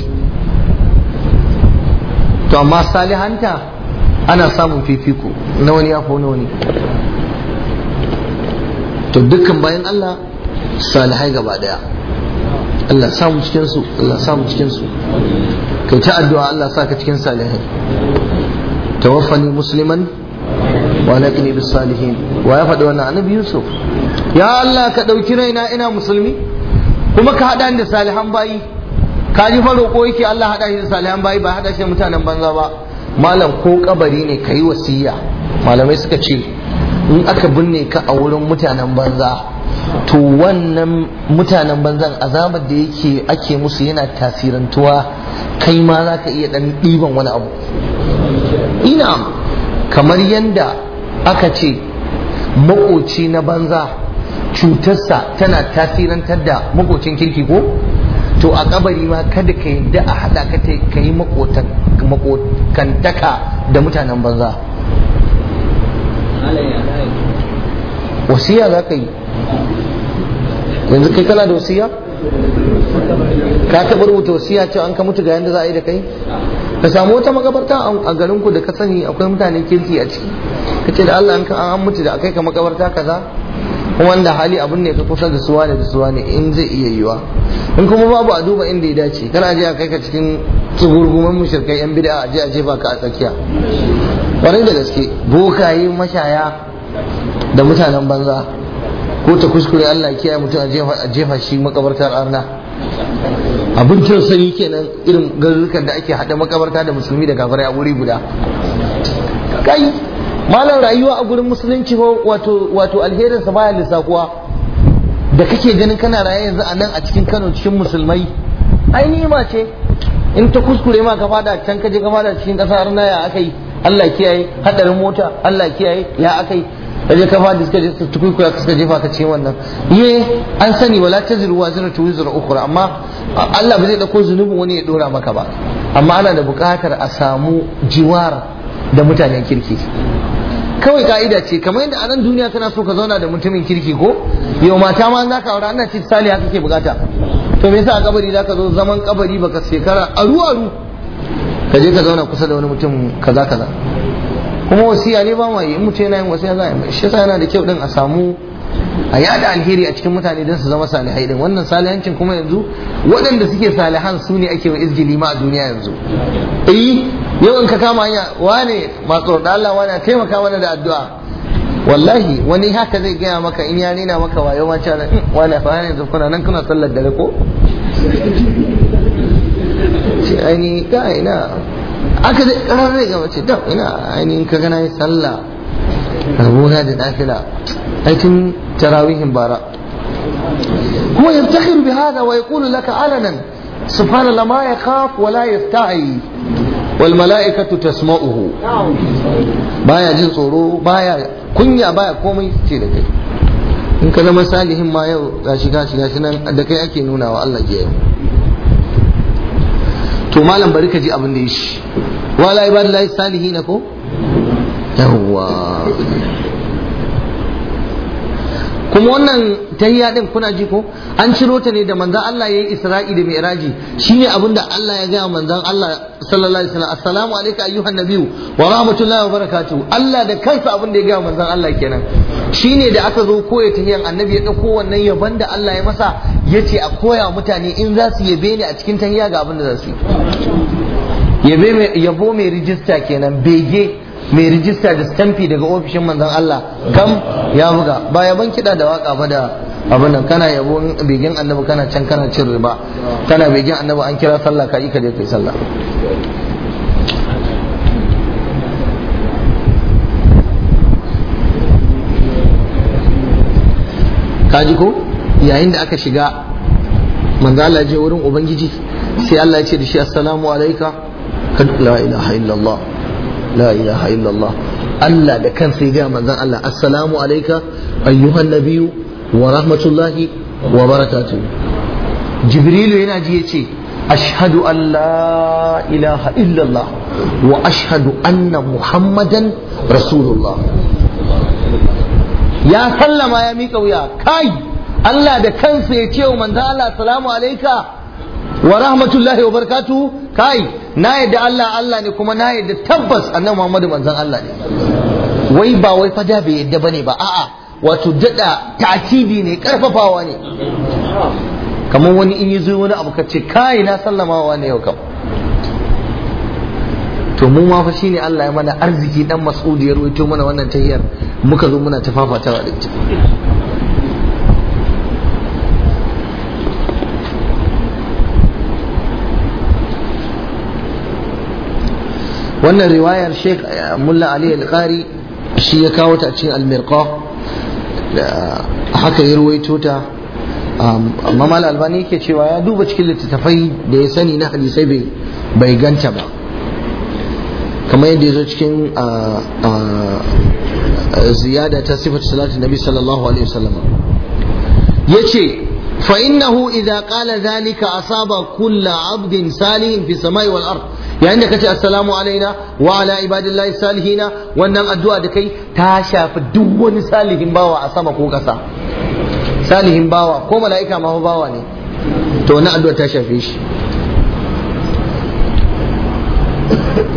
to amma salihanta ana samun fifiko na wani ya na wani to dukkan bayan Allah salihai gaba daya Allah samu cikin su Allah samu cikin su kai ta addu'a Allah saka cikin salihai tawaffani musliman wa laqini bis salihin wa ya faɗi wannan annabi Yusuf ya Allah ka ɗauki raina ina musulmi kuma ka haɗa ni da salihan bayi ka ji fa roƙo yake Allah haɗa shi da salihan bayi ba haɗa shi da mutanen banza ba malam ko kabari ne kai wasiya malamai suka ce in aka binne ka a wurin mutanen banza to wannan mutanen banzan azabar da yake ake musu yana tasirantuwa kai ma za ka iya dan ɗiban wani abu ina kamar yadda aka ce makoci na banza cutarsa tana tasirantar da makocin kirki ko to a kabari ma kada ka yadda a haɗa ka yi da mutanen banza wasiya za ka yi yanzu kai kana da wasiya ka taɓa rubuta wasiya cewa an ka mutu ga yadda za a yi da kai ka samu wata magabarta a garin ku da ka sani akwai mutane kirki a ciki ka ce da Allah an an mutu da akai ka magabarta kaza kuma da hali abin ne ka kusa da suwa ne da suwa ne in zai iya yiwa in kuma babu a duba inda ya dace kana je a kai ka cikin tsugurguman mushrikai yan bid'a a je a jefa ka a tsakiya kwarai da gaske bokaye mashaya da mutanen banza ko ta kuskure Allah ya mutu a jefa shi makabartar arna abin tausayi kenan irin garurukan da ake hada makabarta da musulmi da gafarai a wuri guda kai malam rayuwa a gurin musulunci wato wato alherin sa baya lissafuwa da kake ganin kana raye yanzu a nan a cikin Kano cikin musulmai ai ni'ima ce in ta kuskure ma ka fada can ka je ka fada cikin kasar arna ya akai Allah kiyaye hadarin mota Allah kiyaye ya akai kaje ka fadi suka je tukuikuya suka jefa ka ce wannan ye an sani wala taziru waziratu wizra ukhra amma Allah ba zai dauko zunubin wani ya dora maka ba amma ana da buƙatar a samu jiwar da mutanen kirki kawai ka'ida ce kamar yadda a anan duniya tana so ka zauna da mutumin kirki ko yau mata ma za ka aure ana ce sali kake bukata to me yasa a kabari za ka zo zaman kabari baka shekara aru aru ka je ka zauna kusa da wani mutum kaza kaza kuma wasiya ne ba ma yi mutu yana yin wasiya za a yi shi yana da kyau din a samu a yada alheri a cikin mutane don su zama salihai din wannan salihancin kuma yanzu waɗanda suke salihan su ne ake wa izgili ma a duniya yanzu eh yawan ka kama hanya wane masu Allah wane taimaka mana da addu'a wallahi wani haka zai gaya maka in ya nina maka wayo ma cewa hmm, wane fa yanzu kuna nan kuna sallar dare ko ai ni ka ina aka da rarrai ga mace dam ina ainihin ka gana yi sallah rabona da dafila aikin tarawihin bara kuma ta bi hada wa yaqulu laka alanan subhanallah ma yakhaf wa la yafta'i wal mala'ikatu tasma'uhu baya jin tsoro baya kunya baya komai ce da kai in ka zama salihin ma yau gashi gashi gashi nan da kai ake nuna wa Allah ke yau to malam bari ka ji abin da ya shi wala ibadallahi na ko yawwa kuma wannan tahiyya din kuna ji ko an ciro ta ne da manzon Allah yayin Isra'i da Mi'raji shine abin da Allah ya ga manzon Allah sallallahu alaihi wasallam assalamu alayka ayyuhan nabiyyu wa rahmatullahi wa barakatuh Allah da kansa abin da ya ga manzan Allah kenan Shi ne da aka zo koya hiyar annabi ya dauko wannan yaban da Allah ya masa ya ce a koya wa mutane in za su yabe ni a cikin tahiya ga abin da za su yi yabo mai rijista kenan bege mai rijista da stamfi daga ofishin manzon Allah gam ya buga ba yaban kiɗa da waka ba da abin nan kana yabo begen annabi kana can kana cin riba kana begen annabi an kira sallah ka yi ka je kai sallah kaji ko yayin da aka shiga manzo Allah je wurin ubangiji sai Allah ya ce da shi assalamu alayka la ilaha illallah la ilaha illallah Allah da kansa ya ga manzon Allah assalamu alayka ayyuhan nabiyyu wa rahmatullahi wa barakatuh Jibril yana ji yace ashhadu an la ilaha illallah wa ashhadu anna muhammadan rasulullah ya sallama ya mika wuya kai Allah da kansa ya ce wa manzo Allah salamu alaika wa rahmatullahi wa barakatuhu kai na yadda Allah Allah ne kuma na yadda tabbas annabi Muhammadu manzon Allah ne wai ba wai fa da bai yadda bane ba a'a wato dada takidi ne karfafawa ne kamar wani in yi zo wani abu ka ce kai na sallamawa ne yau kam to mu ma fa shine Allah ya mana arziki dan masudi ya ruwaito mana wannan tahiyar muka zo muna tafafatawa da ita wannan riwayar Sheikh eh, Mulla Ali Al-Qari shi ya kawo ta cikin Al-Mirqa haka ya ruwaito ta amma Mal Albani yake cewa ya duba cikin littattafai da ya sani na hadisai bai ganta ba kamar yadda ya zo cikin ziyada ta sifat salatin nabi sallallahu alaihi wasallam ya ce innahu idza qala dhalika asaba kulla abdin salihin fi samai wal ard yayin da kace assalamu alaina wa ala ibadillahi salihina wannan addu'a da kai ta shafi duk wani salihin bawa a sama ko kasa salihin bawa ko mala'ika ma bawa ne to wannan addu'a ta shafe shi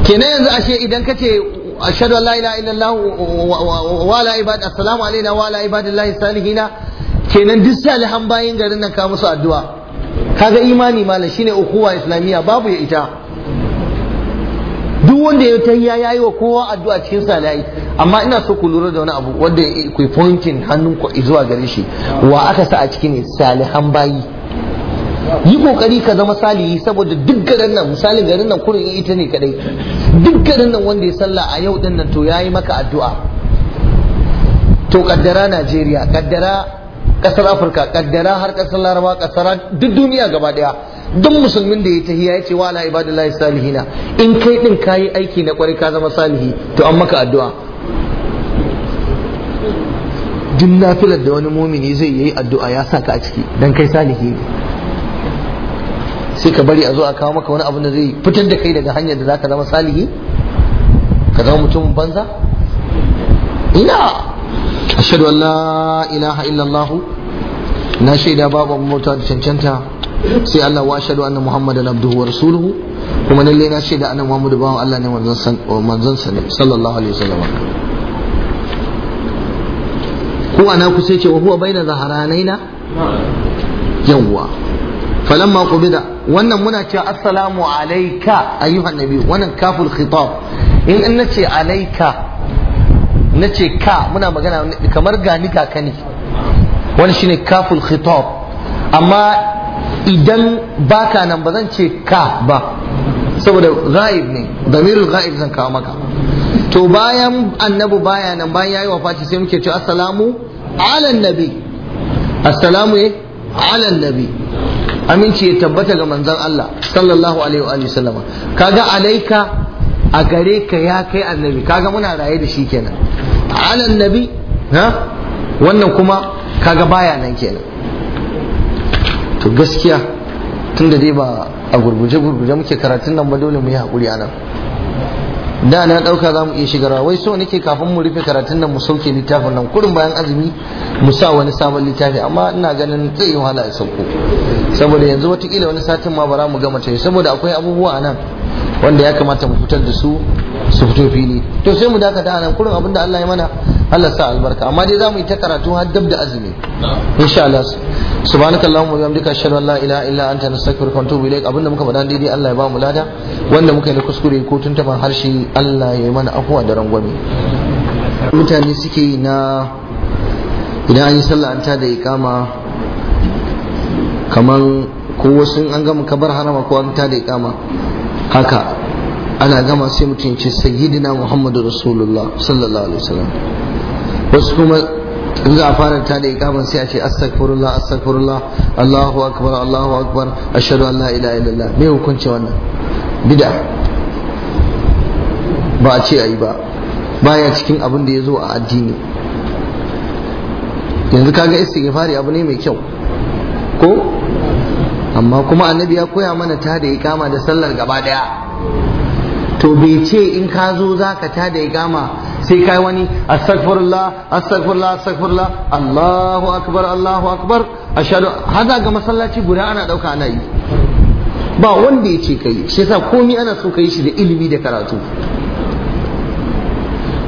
kenan yanzu ashe idan ka ce ashadu an la illallah wa la ibad assalamu alaina wa la ibadillahi salihina kenan duk salihan bayin garin nan ka musu addu'a kaga imani malam shine ukuwa islamiyya babu ya ita duk wanda ya ta ya yi wa kowa addu'a cikin salihai amma ina so ku lura da wani abu wanda ku pointing hannun ku zuwa gare shi wa aka sa a cikin salihan bayi yi kokari ka zama salihi saboda duk garin nan misalin garin nan kurin ita ne kadai duk garin nan wanda ya sallah a yau din nan to yayi maka addu'a to kaddara Najeriya kaddara kasar Afirka kaddara har kasar Laraba kasar duk duniya gaba daya duk musulmin da ya tahiya ya ce wa ala ibadillahi salihina in kai din kayi aiki na kwari ka zama salihi to an maka addu'a duk nafilar da wani mumini zai yi addu'a ya saka a ciki dan kai salihi sai ka bari a zo a kawo maka wani abin da zai fitar da kai daga hanyar da za ka zama salihi ka zama mutumin banza ina ashhadu an la ilaha illallah na shaida babu mota da cancanta sai Allah wa ashhadu anna muhammadan abduhu wa rasuluhu kuma lalle na shaida anna muhammadu bawan Allah ne manzon sa ne sallallahu alaihi wasallam ko ana ku sai ce wa huwa baina zaharanaina yawwa falamma قبض wannan muna cewa assalamu alayka ayyuhan nabi wannan kaful khitab in in nace alayka nace ka muna magana kamar gani kaka ne wannan shine amma idan baka nan ba zan ce ka ba saboda ghaib ne damirul ghaib zan kawo maka to bayan annabi baya nan bayan yayi wafaci sai muke cewa assalamu ala nabi assalamu eh, ala nabi aminci ya tabbata ga manzon Allah sallallahu alaihi wa sallama kaga alaika a gare ka ya kai annabi kaga muna raye da shi kenan ala annabi ha wannan kuma kaga baya nan kenan to gaskiya tunda dai ba a gurguje gurguje muke karatun nan ba dole mu yi hakuri anan da na ɗauka za mu iya shigarwa wai so nake kafin mu rufe karatun nan mu sauke littafin nan kurin bayan azumi mu sa wani sabon littafi amma ina ganin zai yi wahala ya sauko saboda yanzu watakila wani satin ma bara mu gama ta saboda akwai abubuwa nan wanda ya kamata mu fitar da su su fito fili to sai mu dakata nan kurin abin da Allah ya mana Allah sa albarka amma dai zamu yi ta karatu har dab da azumi insha Allah subhanaka allahumma wa bihamdika ashhadu an la ilaha illa anta nastaghfiruka wa atubu ilaik abinda muka faɗa daidai Allah ya ba mu lada wanda muka yi na kuskure ko tuntuban harshe Allah ya yi mana afuwa da rangwame mutane suke yi na idan an yi sallah an da ikama kaman ko wasu an gama kabar harama ko an da ikama haka ana gama sai mutum ce sayyidina muhammadu rasulullah sallallahu alaihi wasallam wasu kuma in za a fara ta da ikaman sai a ce astagfirullah astagfirullah allahu akbar allahu akbar ashhadu an la ilaha illallah me hukunci wannan bid'a ba a ce ayi ba baya cikin abin da ya zo a addini yanzu kaga istighfari abu ne mai kyau ko amma kuma annabi ya koya mana ta da ikama da sallar gaba daya to bai ce in ka zo za ka ta da igama sai kai wani astagfirullah astagfirullah astagfirullah Allahu akbar Allahu akbar ashhadu haza ga masallaci guda ana dauka ana yi ba wanda ya ce kai shi yasa komai ana so kai shi da ilimi da karatu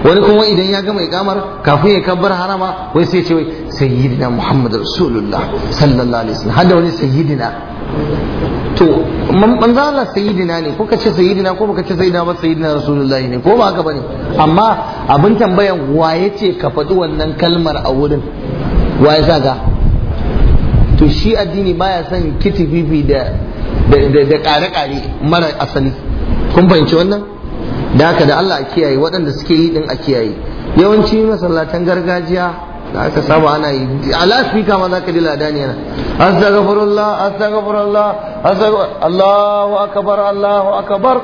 wani kuma idan ya gama ikamar kafin ya kabbar harama wai sai ce wai sayyidina muhammad rasulullah sallallahu alaihi wasallam hada wani sayyidina to manzo Allah sayyidina ne ko kace sayyidina ko baka ce sayyidina ba sayyidina rasulullahi ne ko ba haka bane amma abin tambayan wa yace ka faɗi wannan kalmar a wurin wa ya saka to shi addini baya son kitififi da da kare-kare mara asali kun fahimci wannan da haka da Allah a kiyaye waɗanda suke yi din a kiyaye yawanci masallatan gargajiya da aka saba ana yi a lasfika ma za ka ji ladani yana astaghfirullah astaghfirullah astaghfirullah Allahu akbar Allahu akbar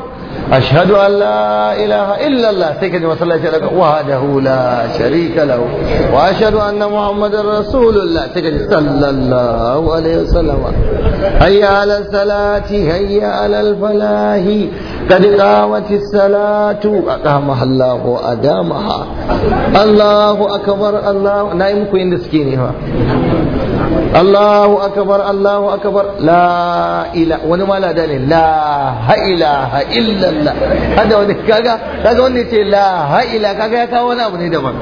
ashhadu an la ilaha illallah sai ka ji masallaci daga wahdahu la sharika lahu قد قامت الصلاة أقامها الله أدامها الله أكبر الله نايم كوين ها الله أكبر الله أكبر لا إله ونما لا دليل لا إله إلا illallah hada wani kaga kaga wanda yace la ila kaga ya kawo wani abu ne daban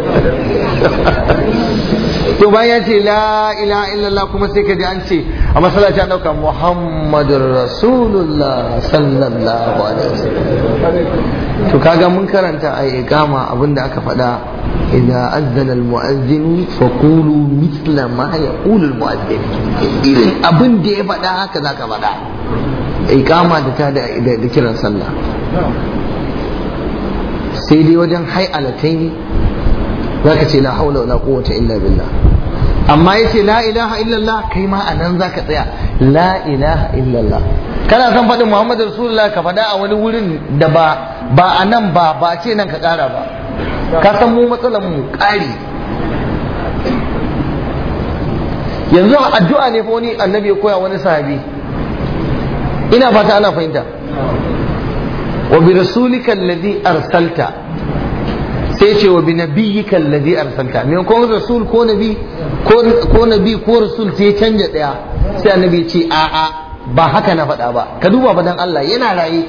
to bayan ya ce la ilaha illallah kuma sai ka ji an ce a masallaci an dauka muhammadur rasulullah sallallahu alaihi wasallam to kaga mun karanta a iqama abinda aka faɗa idza azzana al muazzin fa qulu mithla ma yaqulu al muazzin irin abin da ya faɗa haka zaka faɗa ikama da ta da kiran sallah sai dai wajen za zaka ce la haula wala quwwata illa billah amma yace la ilaha illallah kai ma anan zaka tsaya la ilaha illallah kana son faɗin Muhammad Rasulullah ka faɗa a wani wurin da ba ba a nan ba ba ce nan ka ƙara ba ka san mu matsalar mu ƙari yanzu addu'a ne fa wani annabi ya koya wani sahabi ina fata ana fahimta wa bi rasulika alladhi arsalta sai ce wa bi nabiyyika alladhi arsalta me ko rasul ko nabi ko ko nabi ko rasul sai canja daya sai annabi ce a a ba haka na faɗa ba ka duba fa dan Allah yana raye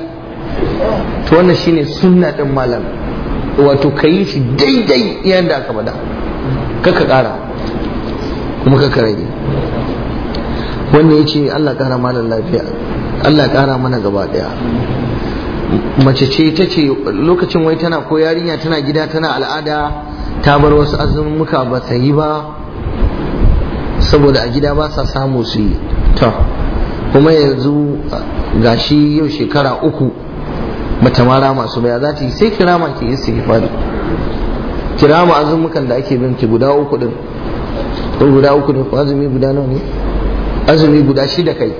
to wannan shine sunna din malam wato kai shi daidai yanda aka faɗa kaka ƙara kuma kaka rage wannan yace Allah ƙara malam lafiya Allah ƙara mana gaba ɗaya mace ce ta ce lokacin wai tana ko yarinya tana gida tana al'ada ta bar wasu azumuka ba ta yi ba saboda a gida ba sa samu su yi ta kuma yanzu gashi yau shekara uku mata ma rama su baya za ta yi sai kirama ki istighfari kirama azumukan da ake bin ki guda uku din ko guda uku din ko azumi guda nawa ne azumi guda shida kai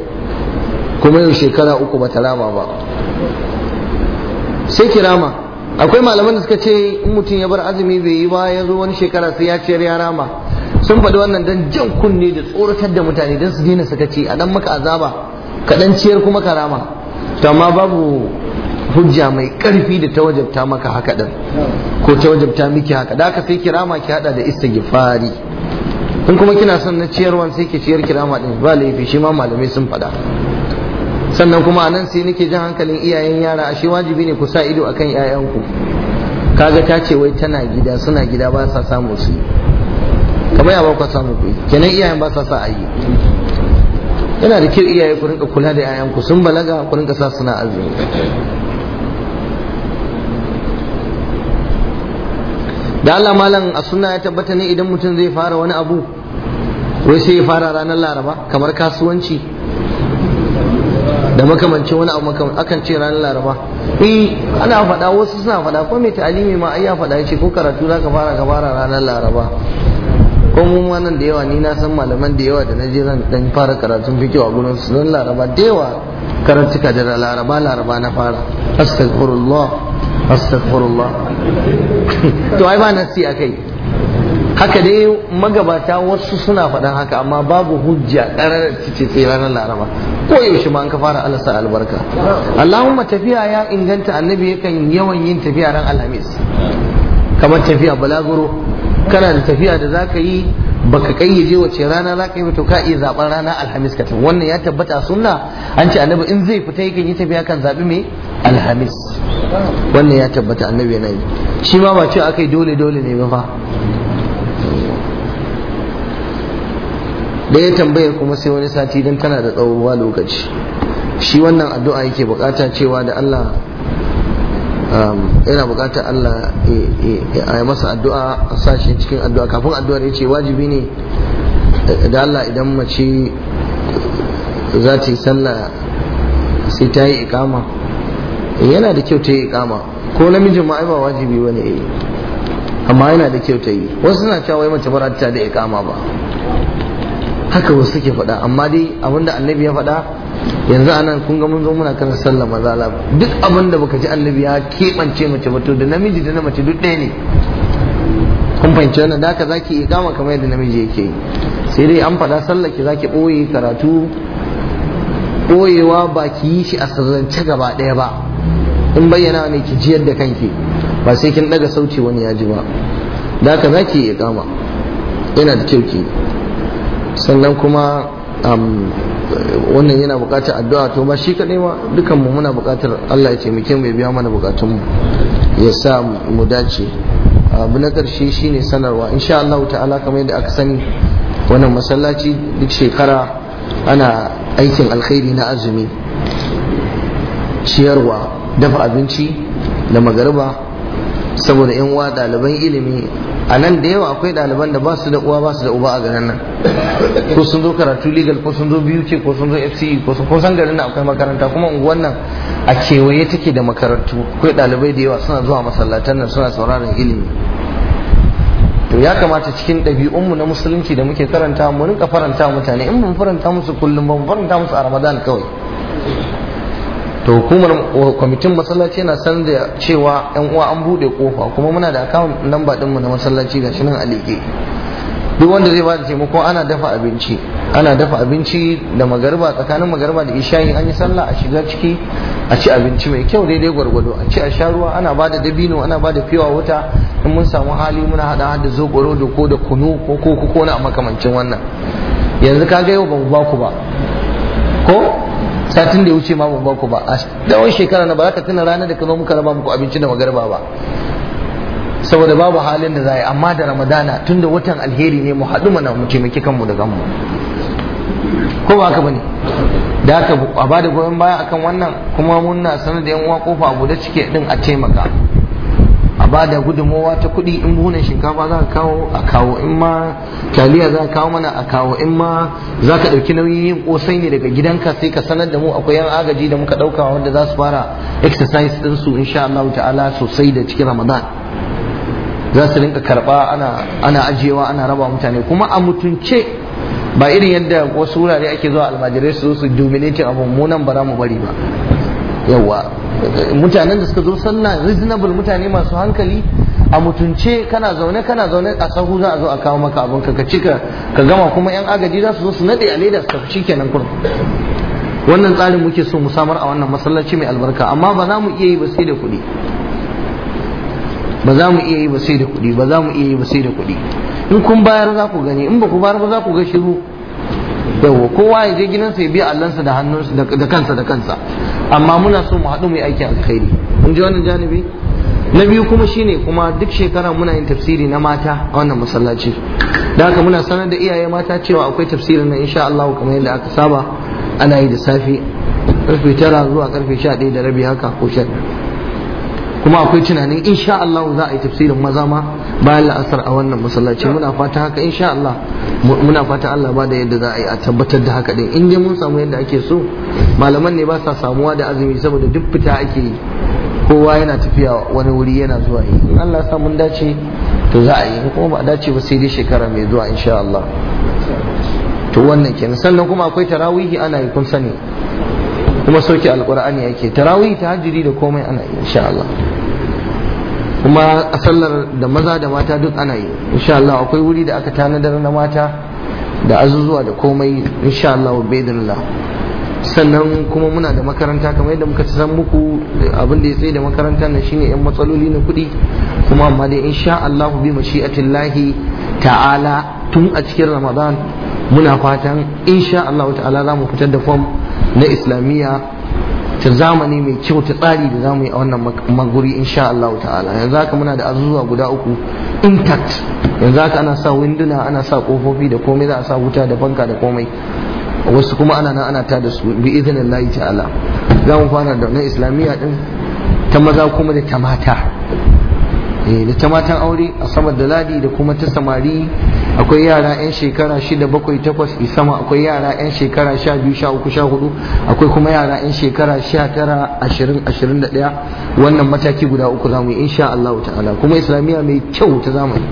kuma yau shekara uku bata rama ba sai ki rama akwai malaman da suka ce in mutum ya bar azumi bai yi ba ya zo wani shekara sai ya ciyar ya rama sun faɗi wannan dan jan kunne da tsoratar da mutane don su daina ce a dan maka azaba ka ciyar kuma ka rama to amma babu hujja mai ƙarfi da ta wajabta maka haka din ko ta wajabta miki haka da haka sai kirama ki hada da istighfari in kuma kina son na ciyarwan sai ki ciyar kirama din ba laifi shi ma malamai sun faɗa sannan kuma a nan sai nake jan hankalin iyayen yara ashe wajibi ne ku sa ido akan 'ya'yanku kaga ta ce wai tana gida suna gida ba sa samu su kamar ya ba samu ku kenan iyayen ba sa sa a yi yana da kyau iyaye ku rinka kula da 'ya'yanku sun balaga ku rinka sa suna azumi da Allah malam a sunna ya tabbata ne idan mutum zai fara wani abu wai sai ya fara ranar laraba kamar kasuwanci da makamanci wani abu makamanci akan ce ranar laraba eh ana faɗa wasu suna faɗa ko mai ta'alimi ma ai ya faɗa yace ko karatu za ka fara ka fara ranar laraba ko mu ma nan da yawa ni na san malaman da yawa da na je ran dan fara karatun fiqh a gurin su don laraba da yawa ka da laraba laraba na fara astaghfirullah astaghfirullah to ai ba nasi akai haka dai magabata wasu suna faɗan haka amma babu hujja ɗarar cice ranar laraba ko yaushe ma an ka fara alasa albarka allahumma tafiya ya inganta annabi yakan yawan yin tafiya ran alhamis kamar tafiya balaguro kana da tafiya da zaka yi baka yaje wace rana zaka yi to ka iya zaben rana alhamis ka tafi wannan ya tabbata sunna an ce annabi in zai fita yakan yi tafiya kan zabi mai alhamis wannan ya tabbata annabi yana yi shi ma ba ce akai yi dole dole ne ba da ya tambayar kuma sai wani sati don tana da tsawowa lokaci shi wannan addu'a yake bukata cewa da Allah um, yana bukata Allah a yi masa addu'a a sashi cikin addu'a kafin addu'ar ya ce wajibi ne da Allah idan mace za ta yi sallah sai ta yi ikama yana da kyau ta yi ikama ko namijin ma ba wajibi yi, amma yana da kyau ta yi wasu suna cewa wai mace ba ta da ikama ba haka wasu suke faɗa amma dai abinda annabi ya faɗa yanzu anan kun ga mun zo muna kan sallah maza Allah duk abinda baka ji annabi ya keɓance mace ba to da namiji da na duk ɗaya ne kun fahimci wannan da haka zaki ikama kamar yadda namiji yake yi sai dai an faɗa sallah ki zaki ɓoye karatu ɓoyewa ba ki yi shi a sirrance gaba daya ba in bayyana ne ki jiyar da kanki ba sai kin ɗaga sauti wani ya ji ba da haka zaki ikama yana da kyau ki sannan kuma um, wannan yana bukatar addu'a to ba shi kaɗai ma dukan mu muna bukatar Allah ya taimake mu ya biya mana bukatun mu ya sa mu dace abu na karshe shine sanarwa insha Allah ta'ala kamar yadda aka sani wannan masallaci duk shekara ana aikin alkhairi na azumi ciyarwa dafa abinci da magariba saboda yan uwa ɗaliban ilimi a nan da yawa akwai ɗaliban da ba su da uwa ba su da uba a garin nan ko sun zo karatu legal ko sun zo BUK ko sun zo FCE ko sun kusan garin nan akwai makaranta kuma unguwan nan a kewaye take da makarantu akwai ɗalibai da yawa suna zuwa masallatan nan suna sauraron ilimi to ya kamata cikin ɗabi'unmu na musulunci da muke karanta mu rinka faranta mutane in mu faranta musu kullum ba mu faranta musu a Ramadan kawai to hukumar kwamitin masallaci yana san da cewa yan uwa an bude kofa kuma muna da account lamba dinmu na masallaci ga nan a duk wanda zai bada taimako ana dafa abinci ana dafa abinci da magarba tsakanin magariba da ishayi an yi sallah a shiga ciki a ci abinci mai kyau daidai gwargwado a ci a sha ruwa ana bada dabino ana bada fiwa wuta in mun samu hali muna hada hada zogoro da ko da kunu ko ko ko na makamancin wannan yanzu ka ga yau ba ku ba ko satin da ya wuce ma ban ba ku ba a dawon shekara na ba za ka tuna ranar da ka muka raba muku abinci da magarba ba saboda babu halin da za amma da ramadana tun da watan alheri ne mu haɗu mana mu taimaki kanmu da kanmu ko ba haka bane da haka a bada goyon baya akan wannan kuma muna sanar da yan uwa kofa abu da cike din a taimaka ba da gudunmowa ta kuɗi in buhunan shinkafa za ka kawo a kawo in ma taliya za ka kawo mana a kawo in ma za ka ɗauki nauyin yin kosai ne daga gidanka sai ka sanar da mu akwai yan agaji da muka ɗauka wanda za su fara exercise ɗinsu insha Allah ta'ala sosai da cikin Ramadan za su rinka karɓa ana ajiyewa ana raba mutane kuma a mutunce ba irin yadda wasu wurare ake zuwa almajirai su zo su dominating abu nan ba za mu bari ba yawa mutanen da suka zo sallah reasonable mutane masu hankali a mutunce kana zaune kana zaune a sahu za a zo a kawo maka abin ka cika ka gama kuma yan agaji za su zo su nade a leda su tafi shikenan kurum wannan tsarin muke so mu samar a wannan masallaci mai albarka amma ba za mu iya yi ba sai da kuɗi ba za mu iya yi ba sai da kuɗi ba za mu iya yi ba sai da kuɗi in kun bayar za ku gani in ba ku bayar ba za ku ga shiru yawa kowa ya je gidansa ya biya allansa da hannunsa da kansa da kansa amma muna so mu haɗu mu yi aikin alkhairi in ji wannan janibi na biyu kuma shine kuma duk shekara muna yin tafsiri na mata a wannan masallaci da haka muna sanar da iyaye mata cewa akwai tafsirin na insha Allah kamar yadda aka saba ana yi da safe karfe tara zuwa karfe sha ɗaya da rabi haka ko sha kuma akwai tunanin insha Allah za a yi tafsirin maza ma bayan la'asar a wannan masallaci muna fata haka insha Allah muna fata Allah ba da yadda za a yi a tabbatar da haka din in dai mun samu yadda ake so malaman ne ba sa samuwa da azumi saboda duk fita ake yi kowa yana tafiya wani wuri yana zuwa yi in Allah sa mun dace to za a yi kuma ba dace ba sai dai shekara mai zuwa insha Allah to wannan kenan sannan kuma akwai tarawihi ana yi kun sani kuma soke alkur'ani yake tarawih tahajjudi da komai ana insha Allah kuma a sallar da maza da mata duk ana yi insha Allah akwai wuri da aka tanadar na mata da azuzuwa da komai insha Allah baidillah sannan kuma muna da makaranta kamar yadda muka san muku abin da ya tsaye da makarantar nan shine yan matsaloli na kuɗi kuma amma dai insha Allah bi mashi'atillahi ta'ala tun a cikin Ramadan muna fatan insha Allah ta'ala za mu fitar da fom na islamiyya ta zamani mai kyau ta tsari da zamu yi a wannan maguri insha Allah ta'ala yanzu haka muna da azuzuwa guda uku intact yanzu haka ana sa winduna ana sa kofofi da komai za a sa wuta da fanka da komai wasu kuma ana nan ana ta da su bi idhnin Allah ta'ala za mu fara da islamiyya din ta maza kuma da ta mata Eh, da ta matan aure a sama ladi da kuma ta samari akwai yara 'yan shekara shida bakwai takwas isama akwai yara 'yan shekara sha biyu sha uku sha hudu akwai kuma yara 'yan shekara sha tara ashirin ashirin da wannan mataki guda uku zamu yi insha Allah ta'ala kuma islamiyya mai kyau ta zamani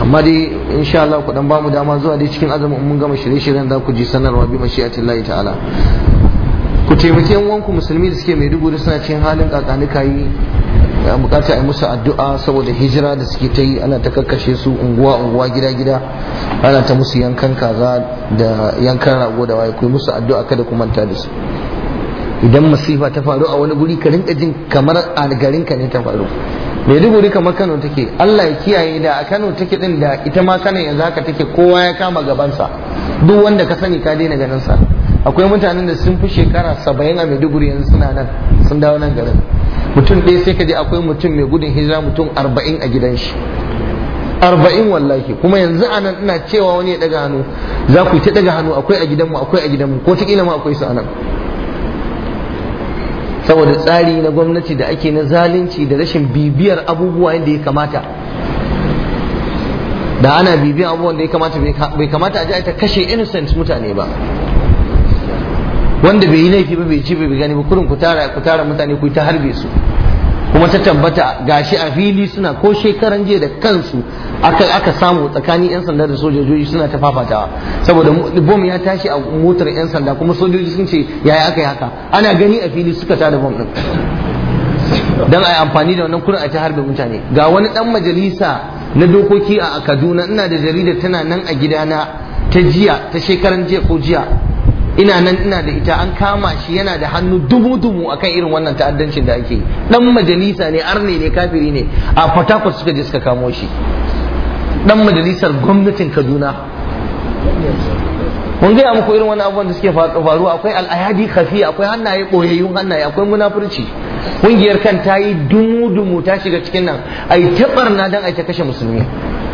amma dai insha Allah ku dan bamu dama zuwa dai cikin azumin mun gama shirye-shiryen za ku ji sanarwa bi mashi'atillahi ta'ala ku taimaki yan uwanku musulmi da suke mai Maiduguri suna cikin halin kakanika yi ya bukata a musu addu'a saboda hijira da suke ta yi ana ta kakkashe su unguwa unguwa gida gida ana ta musu yankan kaza da yankan rago da waye ku musu addu'a kada ku manta da su idan masifa ta faru a wani guri ka rinka jin kamar a garin ka ne ta faru me guri kamar kano take allah ya kiyaye da a kano take din da ita ma kano yanzu haka take kowa ya kama gabansa duk wanda ka sani ka daina ganin sa akwai mutanen da sun fi shekara saba'in a maiduguri yanzu suna nan sun dawo nan garin mutum ɗaya sai ka ji akwai mutum mai gudun hijira mutum arba'in a gidan shi arba'in wallahi kuma yanzu a nan ina cewa wani ya ɗaga hannu za ku yi ta ɗaga hannu akwai a gidanmu akwai a gidanmu ko ta ma akwai su a nan saboda tsari na gwamnati da ake na zalunci da rashin bibiyar abubuwa yadda ya kamata da ana bibiyar abubuwan da ya kamata bai kamata a ji ta kashe innocent mutane ba wanda bai yi laifi ba bai ci bai gani ba kurin ku tara ku tara mutane ku ta harbe su kuma ta tabbata gashi a fili suna ko shekaran jiya da kansu aka aka samu tsakanin yan sanda da sojoji suna ta fafatawa saboda bom ya tashi a motar yan sanda kuma sojoji sun ce yaya aka yi haka ana gani a fili suka tada bom din dan ai amfani da wannan kurin a ta harbe mutane ga wani dan majalisa na dokoki a Kaduna ina da jaridar tana nan a gidana ta jiya ta shekaran jiya ko jiya ina nan ina da ita an kama shi yana da hannu dubu dubu akan irin wannan ta'addancin da ake yi dan majalisa ne arne ne kafiri ne a fatakwa suka je suka kamo shi dan majalisar gwamnatin Kaduna mun gaya muku irin wani abubuwan da suke faruwa akwai al'ayadi kafi akwai hannaye ɓoyayyun hannaye akwai munafurci Kungiyar kan ta yi dumu-dumu ta shiga cikin nan a yi taɓarna don a ta kashe musulmi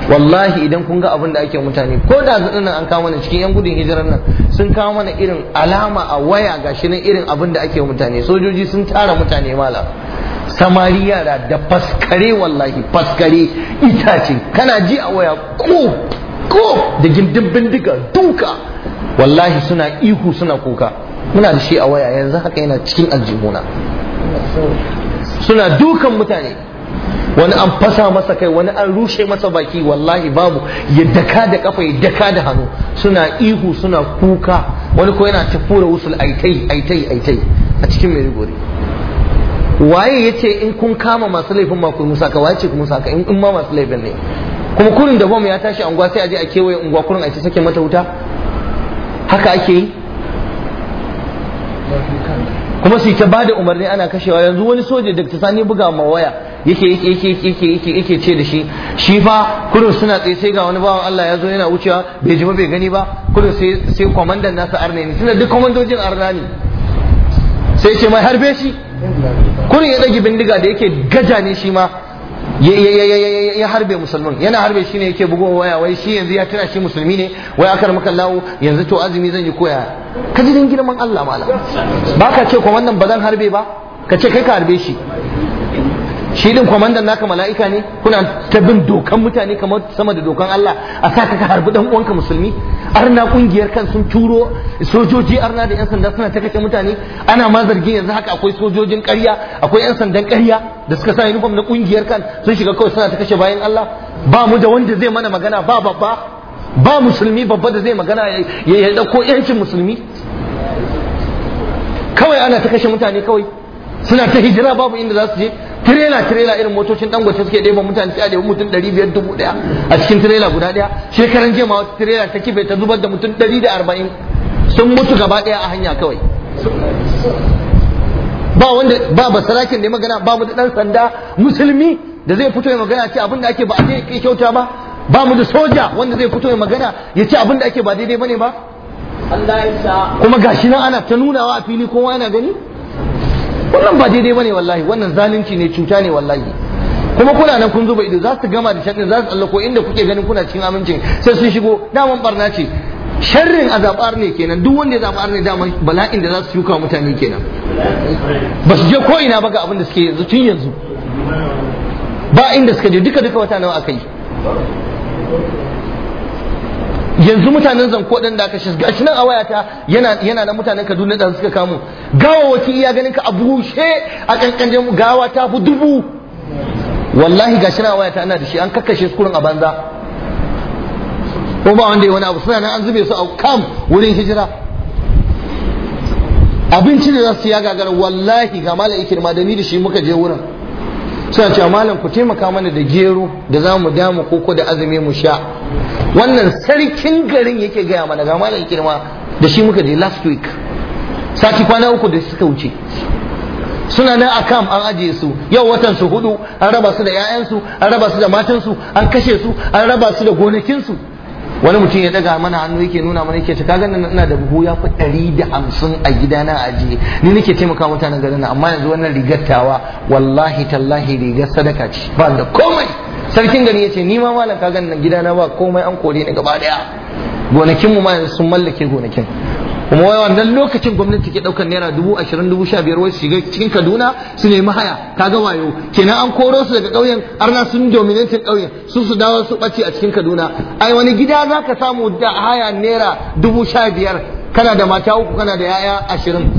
wallahi idan kun ga abin da ake mutane ko da zuɗin nan an kawo mana cikin yan gudun hijirar nan sun kawo mana irin alama a waya ga shi nan irin abin da ake mutane sojoji sun tara mutane mala samari yara da faskare wallahi faskare itace kana ji a waya ko ko da gindin bindiga duka wallahi suna ihu suna kuka muna da shi a waya yanzu haka yana cikin aljihuna suna dukan mutane wani an fasa masa kai wani an rushe masa baki wallahi babu ya daka da kafa ya daka da hannu suna ihu suna kuka wani ko yana tafura wusul aitai aitai aitai a cikin maiduguri waye ya ce in kun kama masu laifin ma kun musaka waye ce kun musaka in ma masu laifin ne kuma kurin da bom ya tashi unguwa sai a je a kewaye unguwa kurin a ce sake mata wuta haka ake yi kuma su ta bada umarni ana kashewa yanzu wani soja da ta sani buga ma waya yake yake yake yake yake ce da shi shi fa kudu suna tsaye sai ga wani bawan Allah ya zo yana wucewa bai ji ba bai gani ba kudu sai sai kwamandan nasa arna ne tunda duk kwamandojin arna ne sai ce mai harbe shi kudu ya dage bindiga da yake gaja ne shi ma ya harbe musulmin yana harbe shi ne yake bugo waya wai shi yanzu ya tana shi musulmi ne wai akar maka lawo yanzu to azumi zan yi koya ka ji girman Allah mala ba ka ce ko wannan ba zan harbe ba ka ce kai ka harbe shi shi din kwamandan naka mala'ika ne kuna ta bin dokan mutane kamar sama da dokan Allah a sa ka harbi dan uwanka musulmi arna kungiyar kan sun turo sojoji arna da yan sanda suna ta kace mutane ana ma zargin yanzu haka akwai sojojin ƙarya akwai yan sandan ƙarya da suka sa uniform na kungiyar kan sun shiga kawai suna ta kashe bayan Allah ba mu da wanda zai mana magana ba babba ba musulmi babba da zai magana ya dauko yancin musulmi kawai ana ta kashe mutane kawai suna ta hijira babu inda za su je tirela tirela irin motocin dangote suke ɗeba mutane sai a ɗebi mutum ɗari biyar dubu ɗaya a cikin tirela guda ɗaya shekaran jiya ma tirela ta kife ta zubar da mutum ɗari da arba'in sun mutu gaba ɗaya a hanya kawai ba wanda ba basarakin ne magana ba mu da ɗan sanda musulmi da zai fito ya magana ce abin da ake ba a ya kyauta ba ba mu da soja wanda zai fito ya magana ya ce abin da ake ba daidai bane ba kuma gashi nan ana ta nunawa a fili kowa yana gani wannan ba daidai bane wallahi wannan zalunci ne cuta ne wallahi kuma kuna nan kun zuba ido za su gama da shaɗin za su tsallako inda kuke ganin kuna cikin amincin sai sun shigo daman barna ce sharrin zaɓar ne kenan duk wanda ya zabar ne daman bala'in da za su yuka mutane kenan ba su je ko ba ga abin da suke yanzu tun yanzu ba inda suka je duka duka wata nawa aka yi yanzu mutanen zanko din da aka shi gashi nan a wayata yana yana na mutanen Kaduna da suka kamo gawawaki iya ganin ka a bushe a kankanjen gawa ta fi dubu wallahi gashi nan a wayata ana da shi an kakkashe su kurin a banza ko ba wanda ya wani abu suna nan an zube su a kam wurin hijira Abincin da za su ya gagara wallahi ga malam ikirma da ni da shi muka je wurin suna cewa malam ku taimaka mana da gero da za mu damu ko da azumi mu sha wannan sarkin garin yake gaya mana ga malam kirma da shi muka je last week sati kwana uku da suka wuce suna nan a kam an ajiye su yau watan su hudu an raba su da 'ya'yansu an raba su da matansu an kashe su an raba su da gonakinsu wani mutum ya daga mana hannu yake nuna mana yake cika ganin ina da buhu ya fi ɗari da hamsin a gida na ajiye ni nake taimaka mutanen garin amma yanzu wannan rigattawa wallahi tallahi rigar sadaka ce ba da komai sarkin gari ya ce ni ma malam ka gida gidana ba komai an kori ni gaba daya gonakin mu ma sun mallake gonakin kuma wai wannan lokacin gwamnati ke daukar naira dubu ashirin dubu sha biyar wai shiga cikin kaduna su nemi haya kaga wayo kenan an koro su daga ƙauyen arna sun dominatin ƙauyen su su dawo su ɓace a cikin kaduna ai wani gida za ka samu da haya naira dubu sha biyar kana da mata uku kana da yaya ashirin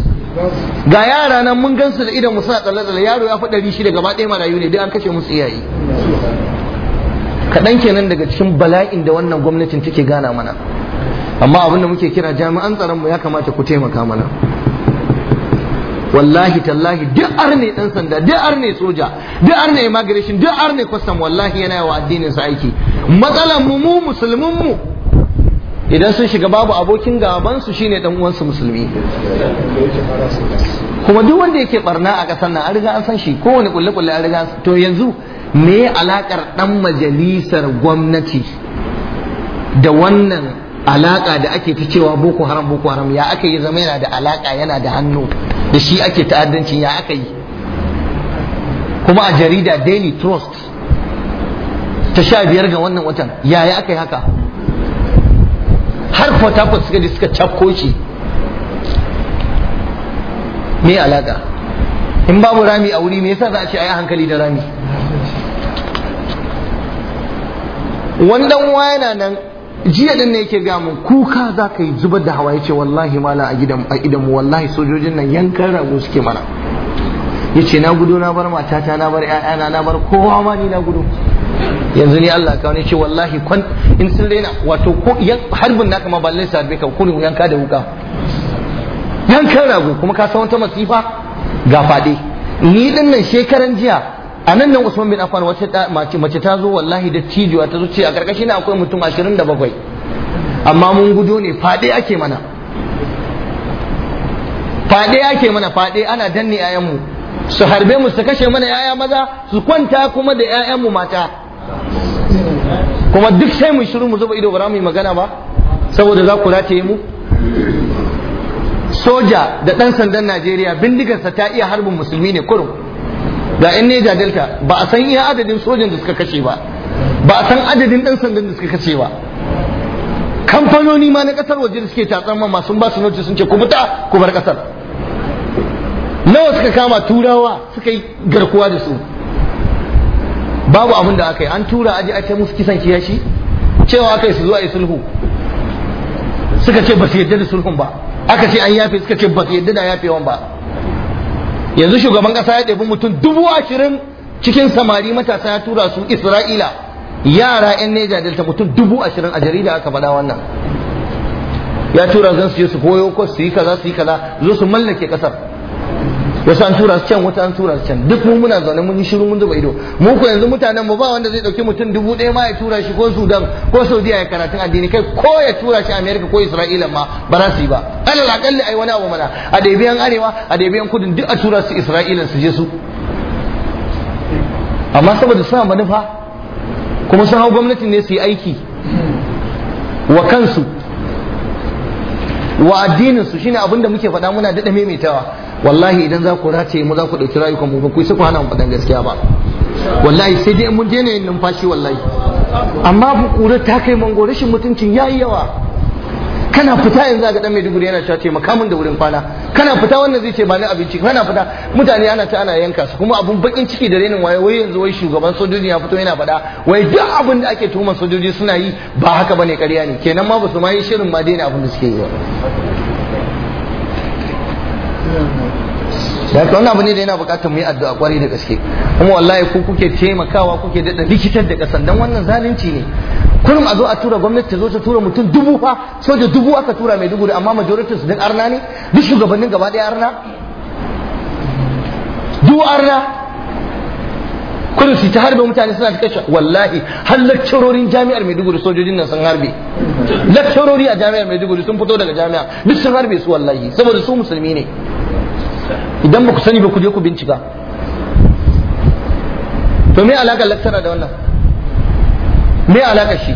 ga yara nan mun gansu da idan musa tsalle tsalle yaro ya fi ɗari shida gaba ɗaya marayu ne duk an kashe musu iyaye kaɗan kenan daga cikin bala'in da wannan gwamnatin take gana mana amma abin da muke kira jami'an tsaron mu ya kamata ku taimaka mana wallahi tallahi duk arne dan sanda duk arne soja duk arne immigration duk arne custom wallahi yana wa addinin sa aiki matsalar mu mu musulmin mu idan sun shiga babu abokin gaban su shine dan uwansu musulmi kuma duk wanda yake barna a kasar nan an riga an san shi kowane kulle kulle an riga to yanzu me alakar dan majalisar gwamnati da wannan alaka da ake ta cewa boko haram boko haram ya aka yi zama yana da alaka yana da hannu da shi ake ta'addanci ya aka yi kuma a jarida daily trust ta sha biyar ga wannan watan yi aka yi haka har port harcourt suka ji suka cakko shi me alaka in babu rami a wuri me yasa za a ce a yi hankali da rami wani dan yana nan jiya din ne yake gamu kuka za ka yi zubar da hawa yace wallahi mala a gidan a idan wallahi sojojin nan yankan rago suke mana yace na gudu na bar matata na bar ƴaƴana na bar kowa ma ni na gudu yanzu ni Allah ka wani ce wallahi kwan in sun daina wato ko harbin naka ma balle sabe ka kun yanka da wuka yankan rago kuma ka san wata masifa ga fade ni din nan shekaran jiya a nan nan Usman bin Affan wata mace ta zo wallahi da tijuwa ta zuci a karkashin akwai mutum 27 amma mun gudu ne fade ake mana fade ake mana fade ana danne yayanmu su harbe mu su kashe mana yaya maza su kwanta kuma da yayanmu mata kuma duk sai mu shiru mu zuba ido ba mu yi magana ba saboda za ku rataye mu soja da ɗan sandan Najeriya bindigarsa ta iya harbin musulmi ne kurum ga in ne delta ba a san iya adadin sojan da suka kashe ba ba a san adadin ɗan sandan da suka kashe ba kamfanoni ma na ƙasar waje da suke tatsan ma sun ba su notice sun ce ku fita ku bar ƙasar nawa suka kama turawa suka yi garkuwa da su babu abin da aka yi an tura aji ake musu kisan kiyashi cewa aka yi su zuwa yi sulhu suka ce ba su yadda da sulhun ba aka ce an yafe suka ce ba su yadda da yafewan ba yanzu shugaban kasa ya ɗebi mutum dubu ashirin cikin samari matasa ya tura su isra'ila yara yan neja delta mutum dubu ashirin a jarida aka faɗa wannan ya tura zan su su koyo ko su yi kaza su yi kaza zo su mallake ƙasar. wasu an tura su can wata an tura su can duk mu muna zaune mun yi shiru mun zuba ido mu ko yanzu mutanen mu ba wanda zai dauki mutum dubu ɗaya ma ya tura shi ko Sudan ko Saudi ya karatun addini kai ko ya tura shi America ko Isra'ila ma ba za su yi ba alal akalli ai wani abu mana a debiyan arewa a debiyan kudin duk a tura su Isra'ila su je su amma saboda suna manufa kuma sun hau gwamnatin ne su yi aiki wa kansu wa addinin su shine abin da muke faɗa muna daɗa maimaitawa wallahi idan za ku race mu za ku ɗauki rayukan mu ku ku hana mu faɗan gaskiya ba wallahi sai dai mun ne yin numfashi wallahi amma kura ta kai mango rashin mutuncin yayi yawa kana fita yanzu ga dan Maiduguri yana cewa ce makamin da wurin kwana kana fita wannan zai ce ba ni abinci kana fita mutane ana ta ana yanka su kuma abun bakin ciki da renin waye wai yanzu wai shugaban sojoji ya fito yana fada wai duk abin da ake tuhumar sojoji suna yi ba haka bane ƙarya ne kenan ma ba su ma yi shirin ma daina abin da suke yi da ka wani abu ne da yana bukatar mu yi addu'a kwarai da gaske kuma wallahi ku kuke taimakawa kuke da likitar da kasan dan wannan zalunci ne kullum a zo a tura gwamnati ta zo ta tura mutum dubu fa soja dubu aka tura mai dubu amma majoritinsu su duk arna ne duk shugabannin gaba daya arna duk arna kullum su ta harbe mutane suna ta kashe wallahi har lakcarorin jami'ar Maiduguri sojojin nan sun harbe lakcarori a jami'ar Maiduguri sun fito daga jami'a duk sun harbe su wallahi saboda su musulmi ne idan ba ku sani ba ku je ku bincika to me alaka laktara da wannan me alaka shi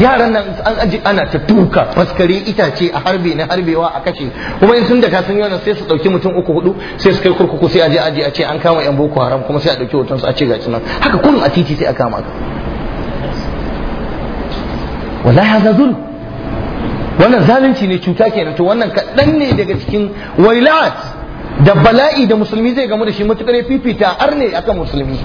yaran nan an aji ana ta tuka faskare itace a harbe na harbewa a kashe kuma in sun da kasan yau sai su dauki mutum uku hudu sai su kai kurkuku sai aje aje a ce an kama yan boko haram kuma sai a dauki hoton su a ce gaci nan haka kullum a titi sai a kama ka wallahi hada zulm wannan zalunci ne cuta kenan to wannan kadan ne daga cikin wailat da bala'i da musulmi zai gamu da shi matukar ya fifita arne akan musulmi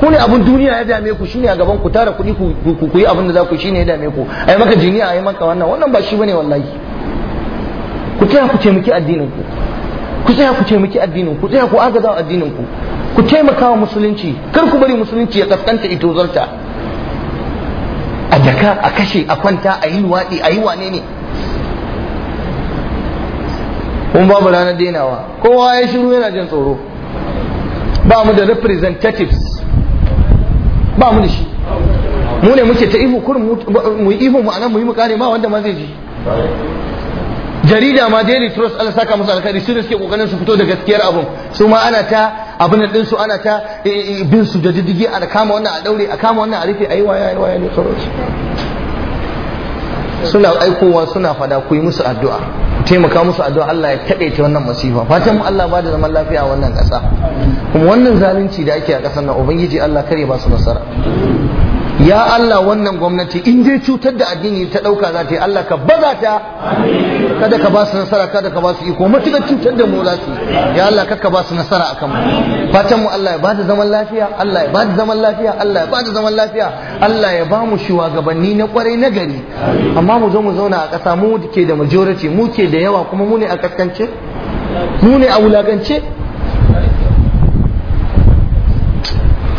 ku ne abin duniya ya dame ku shine a gaban ku tara kuɗi ku yi abin da za ku shine ya dame ku ai maka jiniya ai maka wannan wannan ba shi bane wallahi ku tsaya ku taimaki addinin ku ku tsaya ku taimaki addinin ku tsaya ku agaza addinin ku ku taimaka wa musulunci kar ku bari musulunci ya kaskanta ito zarta a daka a kashe a kwanta a yi luwaɗi a yi wane ne kuma babu ranar dainawa kowa ya shiru yana jin tsoro ba mu da representatives ba mu da shi mu ne muke ta ihu kurin mu ihu mu anan mu yi mukare ma wanda ma zai ji jarida ma daily trust Allah saka musu alkhairi su suke kokarin su fito da gaskiyar abun su ma ana ta abin din su ana ta bin su da diddigi a kama wannan a daure a kama wannan a rufe ayi waya ayi waya ne kawai suna aikowa suna fada ku yi musu addu'a taimaka musu addu'a Allah ya ta wannan masifa fatan mu Allah ba da zaman lafiya a wannan ƙasa kuma wannan zalunci da ake a ƙasar nan ubangiji Allah kare ba su nasara ya Allah wannan gwamnati in dai cutar da addini ta ɗauka za ta yi Allah ka baza ta kada ka ba su nasara kada ka ba su iko matuƙar cutar da mu za su ya Allah ka ba su nasara a mu. fatan Allah ya ba da zaman lafiya Allah ya ba da zaman lafiya Allah ya ba da zaman lafiya Allah ya ba mu shugabanni na kwarai na gari amma mu zo mu zauna a ƙasa mu ke da majority mu ke da yawa kuma mu ne a kaskance mu ne a wulagance